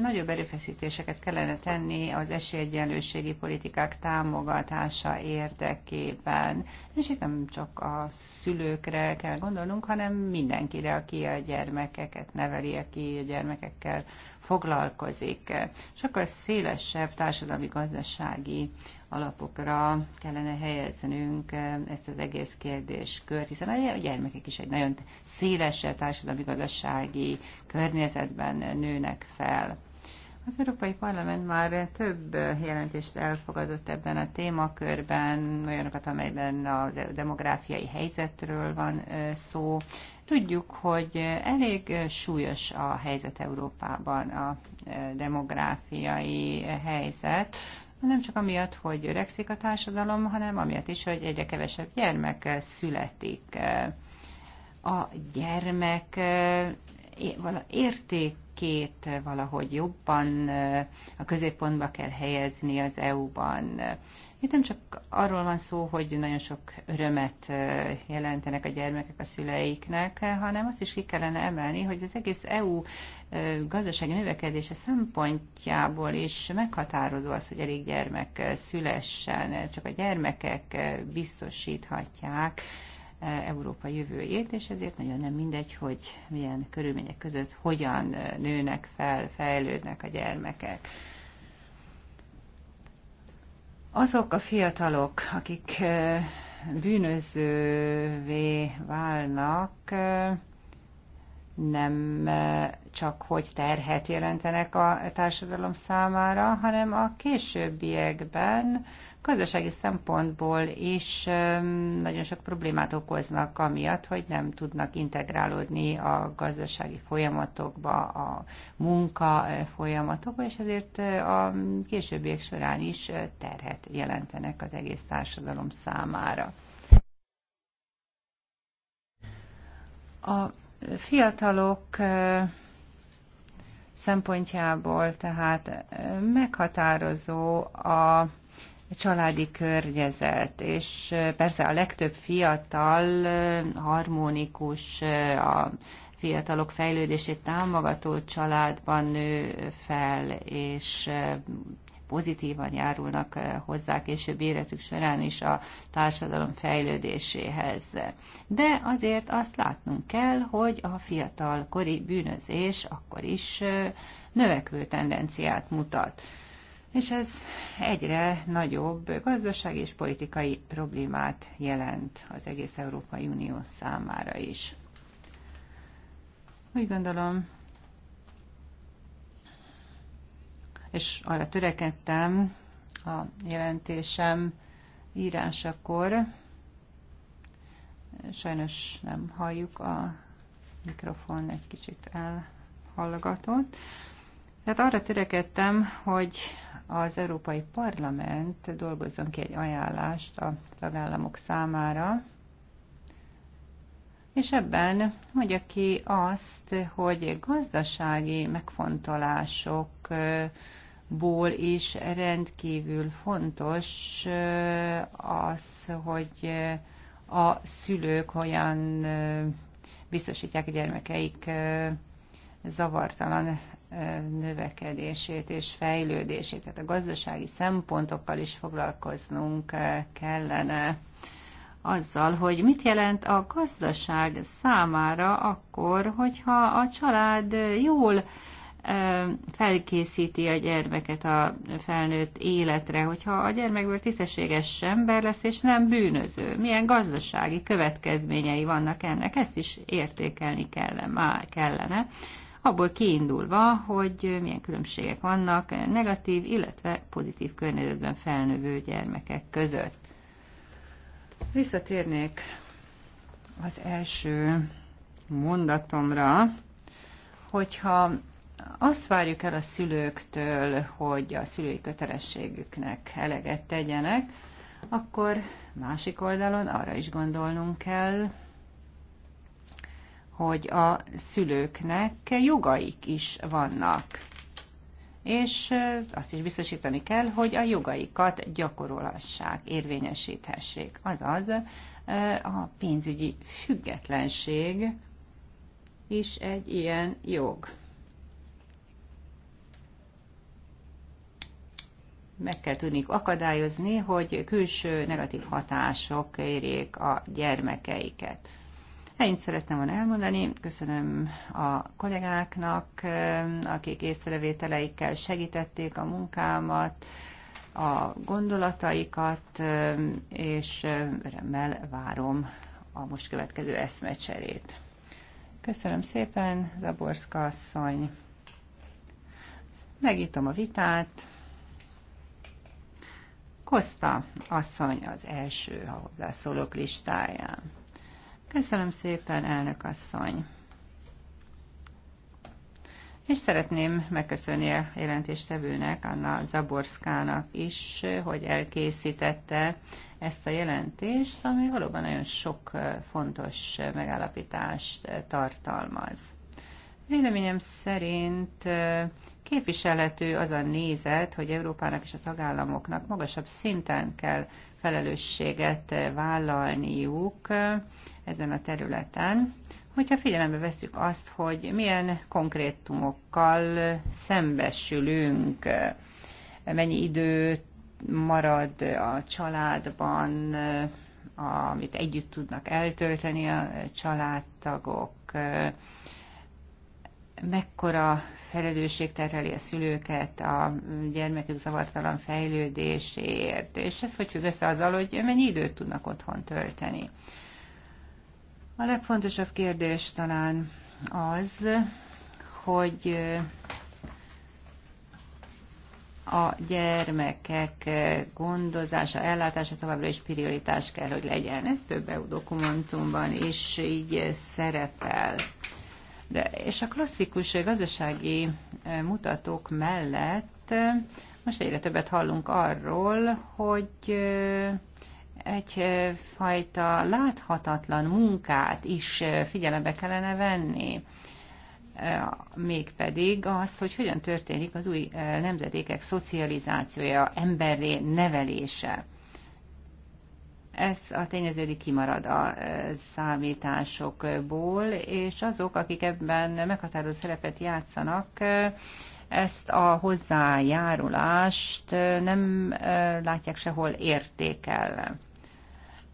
Speaker 1: nagyobb erőfeszítéseket kellene tenni az esélyegyenlőségi politikák támogatása érdekében. És itt nem csak a szülőkre kell gondolnunk, hanem mindenkire, aki a gyermekeket neveli, aki a gyermekekkel foglalkozik. Sokkal szélesebb társadalmi-gazdasági alapokra kellene helyeznünk ezt az egész kérdéskört, hiszen a gyermekek is egy nagyon széles társadalmi-gazdasági környezetben nőnek fel. Az Európai Parlament már több jelentést elfogadott ebben a témakörben, olyanokat, amelyben a demográfiai helyzetről van szó. Tudjuk, hogy elég súlyos a helyzet Európában, a demográfiai helyzet nem csak amiatt, hogy öregszik a társadalom, hanem amiatt is, hogy egyre kevesebb gyermek eh, születik. Eh, a gyermek eh, érték két valahogy jobban a középpontba kell helyezni az EU-ban. Itt nem csak arról van szó, hogy nagyon sok örömet jelentenek a gyermekek a szüleiknek, hanem azt is ki kellene emelni, hogy az egész EU gazdasági növekedése szempontjából is meghatározó az, hogy elég gyermek szülessen, csak a gyermekek biztosíthatják E, Európa jövőjét, és ezért nagyon nem mindegy, hogy milyen körülmények között hogyan e, nőnek fel, fejlődnek a gyermekek. Azok a fiatalok, akik e, bűnözővé válnak, nem e, csak hogy terhet jelentenek a társadalom számára, hanem a későbbiekben gazdasági szempontból is e, nagyon sok problémát okoznak, amiatt, hogy nem tudnak integrálódni a gazdasági folyamatokba, a munka e, folyamatokba, és ezért a későbbiek során is terhet jelentenek az egész társadalom számára. A Fiatalok szempontjából tehát meghatározó a családi környezet, és persze a legtöbb fiatal harmonikus, a fiatalok fejlődését támogató családban nő fel, és pozitívan járulnak eh, hozzá később életük során is a társadalom fejlődéséhez. De azért azt látnunk kell, hogy a fiatal kori bűnözés akkor is eh, növekvő tendenciát mutat és ez egyre nagyobb gazdasági és politikai problémát jelent az egész Európai Unió számára is. Úgy gondolom, és arra törekedtem a jelentésem írásakor, sajnos nem halljuk, a mikrofon egy kicsit elhallgatott. Tehát arra törekedtem, hogy az Európai Parlament dolgozzon ki egy ajánlást a tagállamok számára, és ebben mondja ki azt, hogy gazdasági megfontolások ból is rendkívül fontos az, hogy a szülők hogyan biztosítják a gyermekeik zavartalan növekedését és fejlődését. Tehát a gazdasági szempontokkal is foglalkoznunk kellene azzal, hogy mit jelent a gazdaság számára akkor, hogyha a család jól felkészíti a gyermeket a felnőtt életre, hogyha a gyermekből tisztességes ember lesz, és nem bűnöző. Milyen gazdasági következményei vannak ennek, ezt is értékelni kellene, abból kiindulva, hogy milyen különbségek vannak negatív, illetve pozitív környezetben felnövő gyermekek között. Visszatérnék az első mondatomra, hogyha azt várjuk el a szülőktől, hogy a szülői kötelességüknek eleget tegyenek, akkor másik oldalon arra is gondolnunk kell, hogy a szülőknek jogaik is vannak. És azt is biztosítani kell, hogy a jogaikat gyakorolhassák, érvényesíthessék. Azaz a pénzügyi függetlenség is egy ilyen jog. meg kell tudni akadályozni, hogy külső negatív hatások érjék a gyermekeiket. Ennyit szeretném volna elmondani. Köszönöm a kollégáknak, akik észrevételeikkel segítették a munkámat, a gondolataikat, és örömmel várom a most következő eszmecserét. Köszönöm szépen, Zaborszka asszony. Megítom a vitát. Kosta asszony az első a hozzászólók listáján. Köszönöm szépen, elnök asszony! És szeretném megköszönni a jelentéstevőnek, Anna Zaborszkának is, hogy elkészítette ezt a jelentést, ami valóban nagyon sok eh, fontos eh, megállapítást eh, tartalmaz. Véleményem szerint képviselhető az a nézet, hogy Európának és a tagállamoknak magasabb szinten kell felelősséget vállalniuk ezen a területen, hogyha figyelembe veszük azt, hogy milyen konkrétumokkal szembesülünk, mennyi idő marad a családban, amit együtt tudnak eltölteni a családtagok, mekkora felelősség terheli a szülőket a gyermekük zavartalan fejlődésért, és ez hogy függ össze azzal, hogy mennyi időt tudnak otthon tölteni. A legfontosabb kérdés talán az, hogy a gyermekek gondozása, ellátása továbbra is prioritás kell, hogy legyen. Ez több EU dokumentumban is így szerepel. De, és a klasszikus gazdasági mutatók mellett most egyre többet hallunk arról, hogy egyfajta láthatatlan munkát is figyelembe kellene venni mégpedig az, hogy hogyan történik az új nemzedékek szocializációja, emberré nevelése ez a tényeződik kimarad a számításokból, és azok, akik ebben meghatározó szerepet játszanak, ezt a hozzájárulást nem látják sehol értékelve.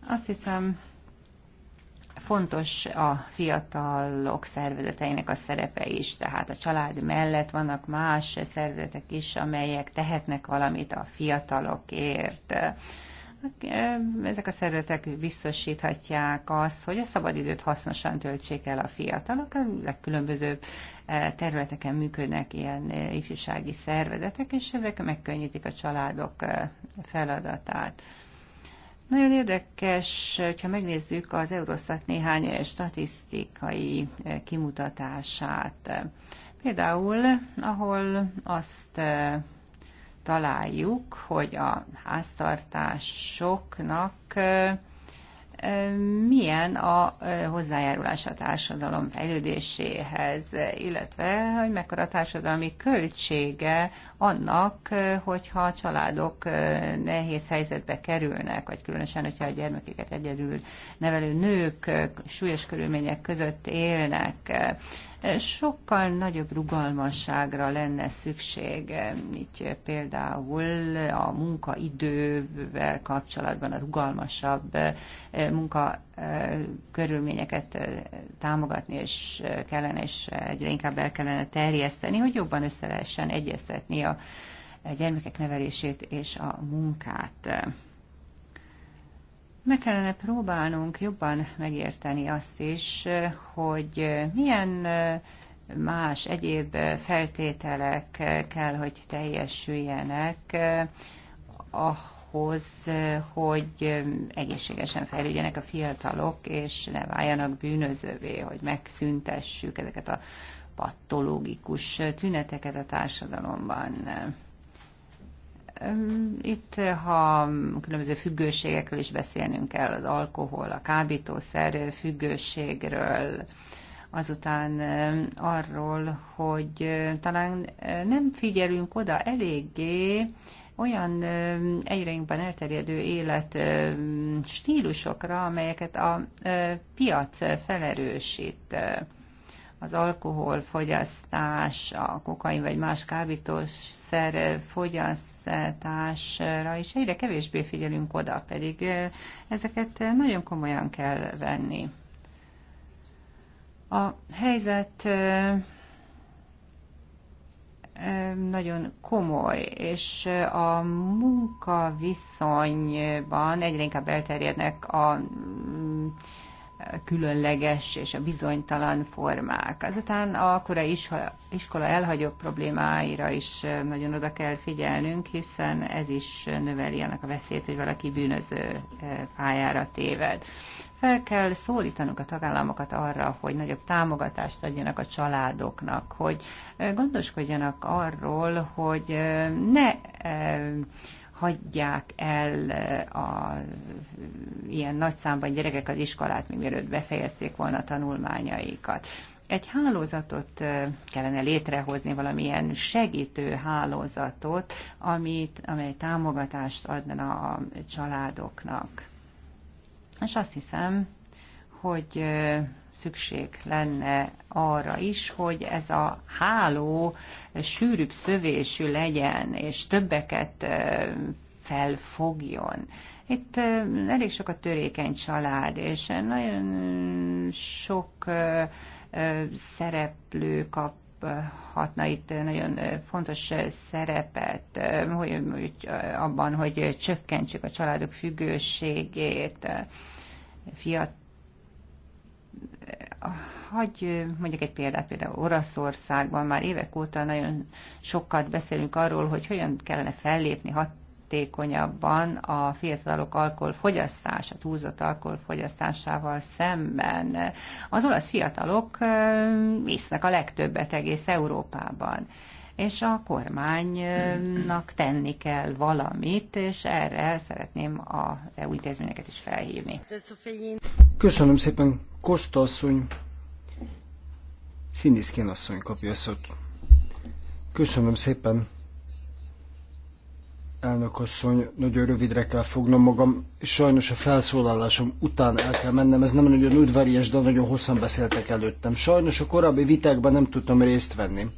Speaker 1: Azt hiszem, fontos a fiatalok szervezeteinek a szerepe is, tehát a család mellett vannak más szervezetek is, amelyek tehetnek valamit a fiatalokért ezek a szervezetek biztosíthatják azt, hogy a szabadidőt hasznosan töltsék el a fiatalok. A legkülönbözőbb eh, területeken működnek ilyen eh, ifjúsági szervezetek, és ezek megkönnyítik a családok eh, feladatát. Nagyon érdekes, hogyha megnézzük az Eurostat néhány statisztikai kimutatását. Például, ahol azt találjuk, hogy a háztartásoknak milyen a hozzájárulás a társadalom fejlődéséhez, illetve hogy mekkora a társadalmi költsége annak, hogyha a családok nehéz helyzetbe kerülnek, vagy különösen, hogyha a gyermekeket egyedül nevelő nők súlyos körülmények között élnek sokkal nagyobb rugalmasságra lenne szükség, így például a munkaidővel kapcsolatban a rugalmasabb eh, munka eh, körülményeket eh, támogatni, és kellene, és egyre inkább el kellene terjeszteni, hogy jobban össze lehessen egyeztetni a gyermekek nevelését és a munkát. Meg kellene próbálnunk jobban megérteni azt is, hogy milyen más egyéb feltételek kell, hogy teljesüljenek ahhoz, hogy egészségesen fejlődjenek a fiatalok, és ne váljanak bűnözővé, hogy megszüntessük ezeket a patológikus tüneteket a társadalomban. Itt, ha különböző függőségekről is beszélnünk kell, az alkohol, a kábítószer függőségről, azután arról, hogy talán nem figyelünk oda eléggé olyan egyreinkben elterjedő élet stílusokra, amelyeket a piac felerősít az alkoholfogyasztás, a kokain vagy más kábítószer fogyasztásra is egyre kevésbé figyelünk oda, pedig ezeket nagyon komolyan kell venni. A helyzet nagyon komoly, és a munkaviszonyban egyre inkább elterjednek a mm, különleges és a bizonytalan formák. Azután a korai iskola elhagyó problémáira is nagyon oda kell figyelnünk, hiszen ez is növeli annak a veszélyt, hogy valaki bűnöző pályára téved. Fel kell szólítanunk a tagállamokat arra, hogy nagyobb támogatást adjanak a családoknak, hogy gondoskodjanak arról, hogy ne hagyják el eh, a eh, ilyen nagy számban gyerekek az iskolát, még mielőtt befejezték volna a tanulmányaikat. Egy hálózatot eh, kellene létrehozni, valamilyen segítő hálózatot, amit, amely támogatást adna a családoknak. És azt hiszem, hogy szükség lenne arra is, hogy ez a háló sűrűbb szövésű legyen, és többeket felfogjon. Itt elég sok a törékeny család, és nagyon sok szereplő kap hatna itt nagyon fontos szerepet, hogy, hogy abban, hogy csökkentsük a családok függőségét, fiat, Hagy mondjuk egy példát, például Oroszországban már évek óta nagyon sokat beszélünk arról, hogy hogyan kellene fellépni hatékonyabban a fiatalok alkoholfogyasztása, túlzott alkoholfogyasztásával szemben. Az olasz fiatalok visznek a legtöbbet egész Európában és a kormánynak tenni kell valamit, és erre szeretném az EU intézményeket is felhívni.
Speaker 4: Köszönöm szépen, Koszta asszony, Színészkén asszony kapja szót. Köszönöm szépen. Elnök asszony, nagyon rövidre kell fognom magam, és sajnos a felszólalásom után el kell mennem, ez nem nagyon udvarias, de nagyon hosszan beszéltek előttem. Sajnos a korábbi vitákban nem tudtam részt venni.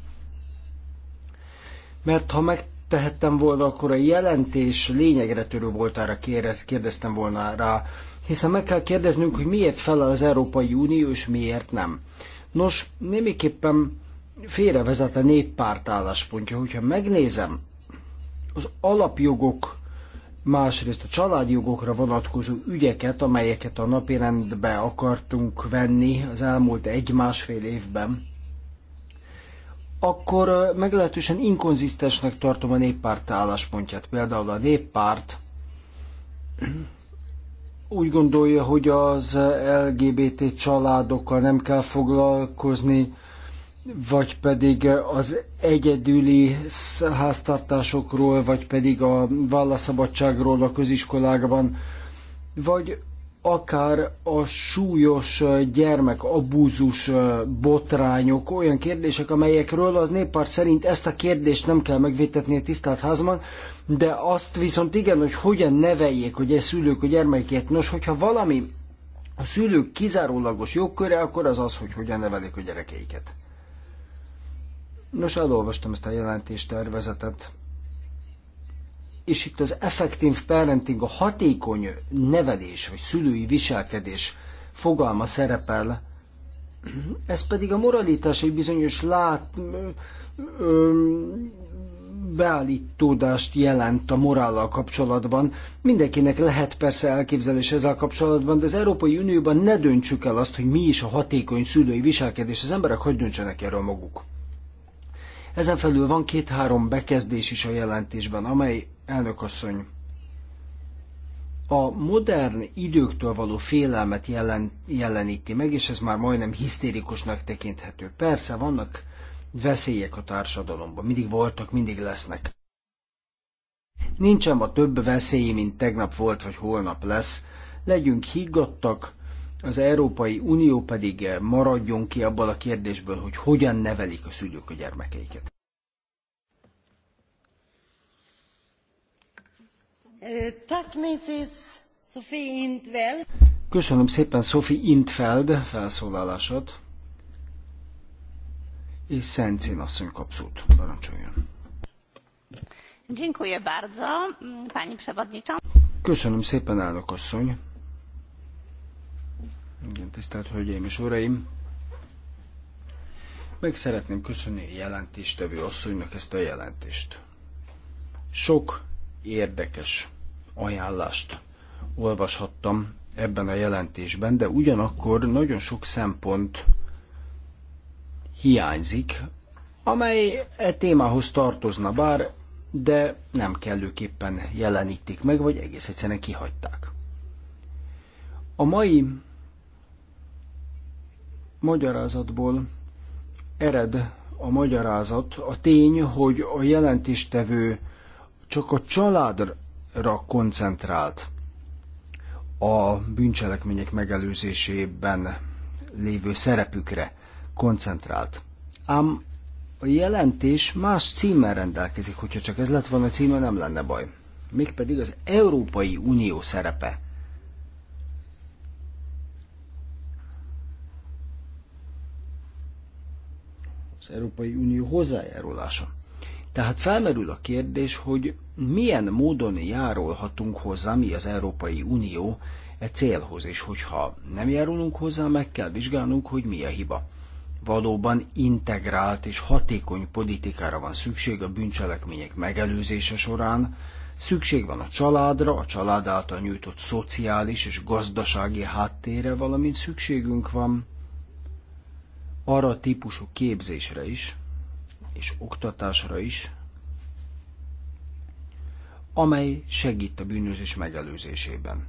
Speaker 4: Mert ha meg tehettem volna, akkor a jelentés lényegre törő voltára kérdeztem volna rá, hiszen meg kell kérdeznünk, hogy miért felel az Európai Unió, és miért nem. Nos, némiképpen félrevezet a néppárt álláspontja, hogyha megnézem az alapjogok, másrészt a családjogokra vonatkozó ügyeket, amelyeket a napirendbe akartunk venni az elmúlt egy-másfél évben, akkor meglehetősen inkonzisztensnek tartom a néppárt álláspontját. Például a néppárt úgy gondolja, hogy az LGBT családokkal nem kell foglalkozni, vagy pedig az egyedüli háztartásokról, vagy pedig a vállaszabadságról a köziskolákban, vagy akár a súlyos gyermekabúzus botrányok, olyan kérdések, amelyekről az néppárt szerint ezt a kérdést nem kell megvétetni a tisztelt házban, de azt viszont igen, hogy hogyan neveljék hogy ez szülők a gyermekért. Nos, hogyha valami a szülők kizárólagos jogköre, akkor az az, hogy hogyan nevelik a gyerekeiket. Nos, elolvastam ezt a jelentéstervezetet és itt az effektív parenting, a hatékony nevelés, vagy szülői viselkedés fogalma szerepel, ez pedig a moralitás egy bizonyos lát, beállítódást jelent a morállal kapcsolatban. Mindenkinek lehet persze elképzelés ezzel kapcsolatban, de az Európai Unióban ne döntsük el azt, hogy mi is a hatékony szülői viselkedés, az emberek hogy döntsenek erről maguk. Ezen felül van két-három bekezdés is a jelentésben, amely Elnök asszony, a modern időktől való félelmet jelen, jeleníti meg, és ez már majdnem hisztérikusnak tekinthető. Persze vannak veszélyek a társadalomban, mindig voltak, mindig lesznek. Nincsen a több veszély, mint tegnap volt vagy holnap lesz. Legyünk higgadtak, az Európai Unió pedig maradjon ki abban a kérdésből, hogy hogyan nevelik a szülők a gyermekeiket. Eh, Köszönöm szépen Sophie Intveld felszólalását. És Szencén asszony kapszót, Parancsoljon. pani Köszönöm szépen, elnök asszony. Igen, tisztelt Hölgyeim és Uraim! Meg szeretném köszönni a jelentéstevő asszonynak ezt a jelentést. Sok érdekes ajánlást olvashattam ebben a jelentésben, de ugyanakkor nagyon sok szempont hiányzik, amely e témához tartozna bár, de nem kellőképpen jelenítik meg, vagy egész egyszerűen kihagyták. A mai magyarázatból ered a magyarázat, a tény, hogy a jelentéstevő csak a családra koncentrált a bűncselekmények megelőzésében lévő szerepükre koncentrált. Ám a jelentés más címmel rendelkezik, hogyha csak ez lett volna a címe, nem lenne baj. Mégpedig az Európai Unió szerepe. Az Európai Unió hozzájárulása. Tehát felmerül a kérdés, hogy milyen módon járulhatunk hozzá mi az Európai Unió e célhoz, és hogyha nem járulunk hozzá, meg kell vizsgálnunk, hogy mi a hiba. Valóban integrált és hatékony politikára van szükség a bűncselekmények megelőzése során, szükség van a családra, a család által nyújtott szociális és gazdasági háttérre, valamint szükségünk van arra a típusú képzésre is, és oktatásra is, amely segít a bűnözés megelőzésében.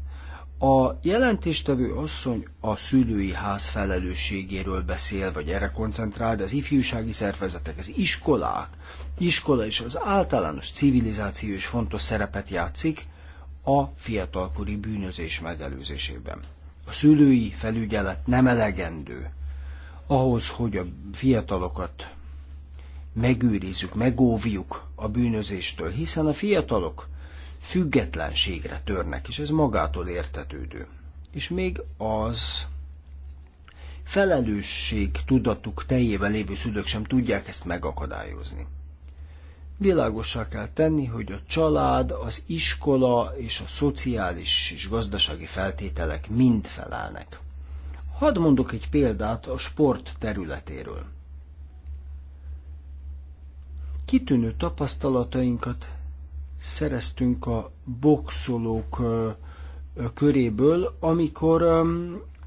Speaker 4: A jelentéstevő asszony a szülői ház felelősségéről beszél, vagy erre koncentrál, de az ifjúsági szervezetek, az iskolák, iskola és az általános civilizáció is fontos szerepet játszik a fiatalkori bűnözés megelőzésében. A szülői felügyelet nem elegendő ahhoz, hogy a fiatalokat megőrizzük, megóvjuk a bűnözéstől, hiszen a fiatalok függetlenségre törnek, és ez magától értetődő. És még az felelősség tudatuk teljével lévő szülők sem tudják ezt megakadályozni. Világossá kell tenni, hogy a család, az iskola és a szociális és gazdasági feltételek mind felelnek. Hadd mondok egy példát a sport területéről. Kitűnő tapasztalatainkat szereztünk a boxolók köréből, amikor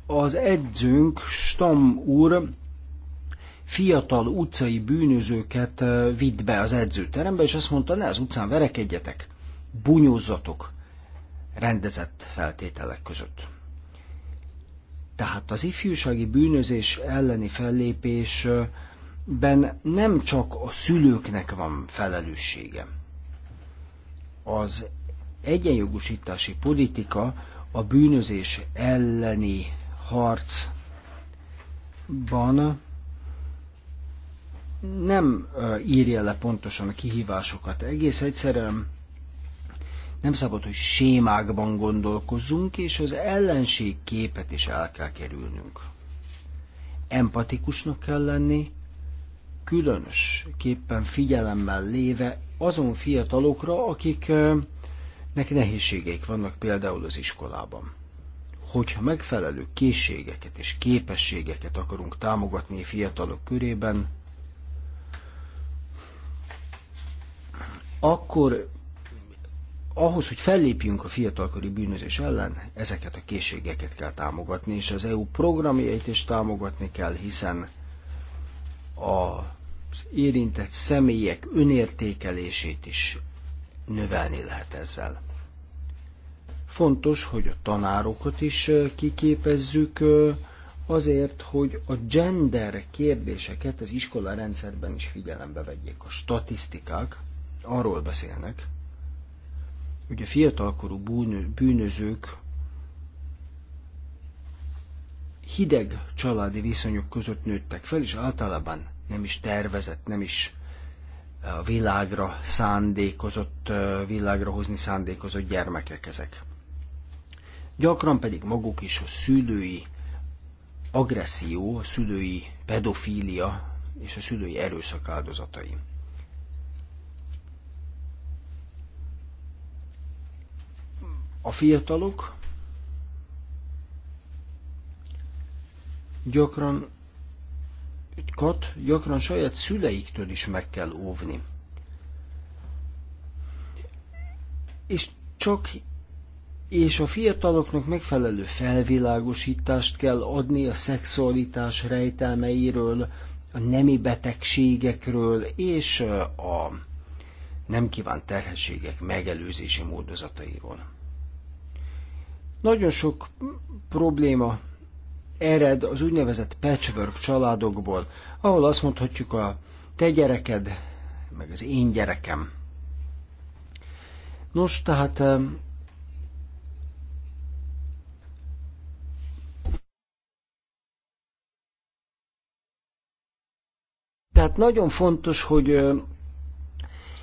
Speaker 4: az edzőnk, Stam úr, fiatal utcai bűnözőket vitt be az edzőterembe, és azt mondta, ne az utcán verekedjetek, bunyózzatok, rendezett feltételek között. Tehát az ifjúsági bűnözés elleni fellépés ben nem csak a szülőknek van felelőssége. Az egyenjogosítási politika a bűnözés elleni harcban nem írja le pontosan a kihívásokat. Egész egyszerűen nem szabad, hogy sémákban gondolkozzunk, és az ellenség képet is el kell kerülnünk. Empatikusnak kell lenni, különösképpen figyelemmel léve azon fiatalokra, akiknek nehézségeik vannak például az iskolában. Hogyha megfelelő készségeket és képességeket akarunk támogatni fiatalok körében, akkor ahhoz, hogy fellépjünk a fiatalkori bűnözés ellen, ezeket a készségeket kell támogatni, és az EU programjait is támogatni kell, hiszen a érintett személyek önértékelését is növelni lehet ezzel. Fontos, hogy a tanárokat is kiképezzük azért, hogy a gender kérdéseket az iskola rendszerben is figyelembe vegyék. A statisztikák arról beszélnek, hogy a fiatalkorú bűnözők hideg családi viszonyok között nőttek fel, és általában nem is tervezett, nem is eh, a világra szándékozott, eh, világra hozni szándékozott gyermekek ezek. Gyakran pedig maguk is a szülői agresszió, a szülői pedofília és a szülői erőszak áldozatai. A fiatalok gyakran kat gyakran saját szüleiktől is meg kell óvni. És csak és a fiataloknak megfelelő felvilágosítást kell adni a szexualitás rejtelmeiről, a nemi betegségekről és a nem kívánt terhességek megelőzési módozatairól. Nagyon sok probléma ered az úgynevezett patchwork családokból, ahol azt mondhatjuk a te gyereked, meg az én gyerekem. Nos, tehát Tehát nagyon fontos, hogy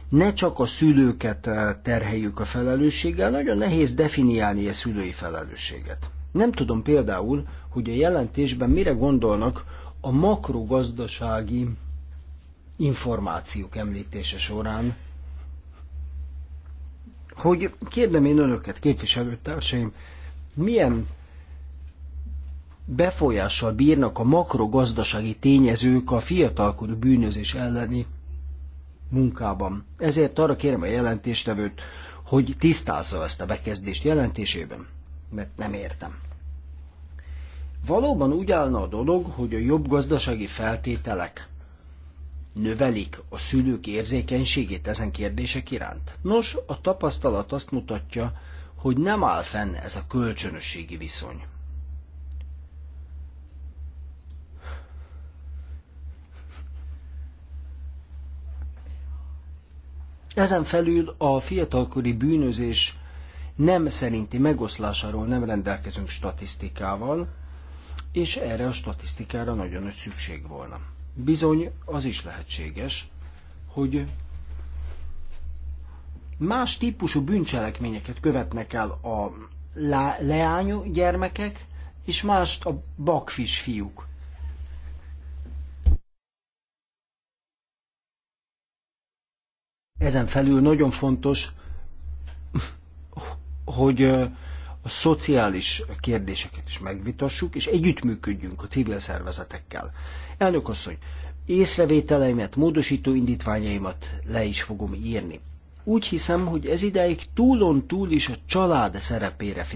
Speaker 4: ne csak a szülőket eh, terheljük a felelősséggel, nagyon nehéz definiálni a szülői felelősséget. Nem tudom például, hogy a jelentésben mire gondolnak a makrogazdasági információk említése során, hogy kérdem én önöket, képviselőtársaim, milyen befolyással bírnak a makrogazdasági tényezők a fiatalkorú bűnözés elleni munkában. Ezért arra kérem a jelentéstevőt, hogy tisztázza ezt a bekezdést jelentésében mert nem értem. Valóban úgy állna a dolog, hogy a jobb gazdasági feltételek növelik a szülők érzékenységét ezen kérdések iránt. Nos, a tapasztalat azt mutatja, hogy nem áll fenn ez a kölcsönösségi viszony. Ezen felül a fiatalkori bűnözés nem szerinti megoszlásáról nem rendelkezünk statisztikával, és erre a statisztikára nagyon nagy szükség volna. Bizony, az is lehetséges, hogy más típusú bűncselekményeket követnek el a leányú gyermekek, és mást a bakfis fiúk. Ezen felül nagyon fontos hogy a szociális kérdéseket is megvitassuk, és együttműködjünk a civil szervezetekkel. Elnök asszony, észrevételeimet, módosító indítványaimat le is fogom írni. Úgy hiszem, hogy ez ideig túlon túl is a család szerepére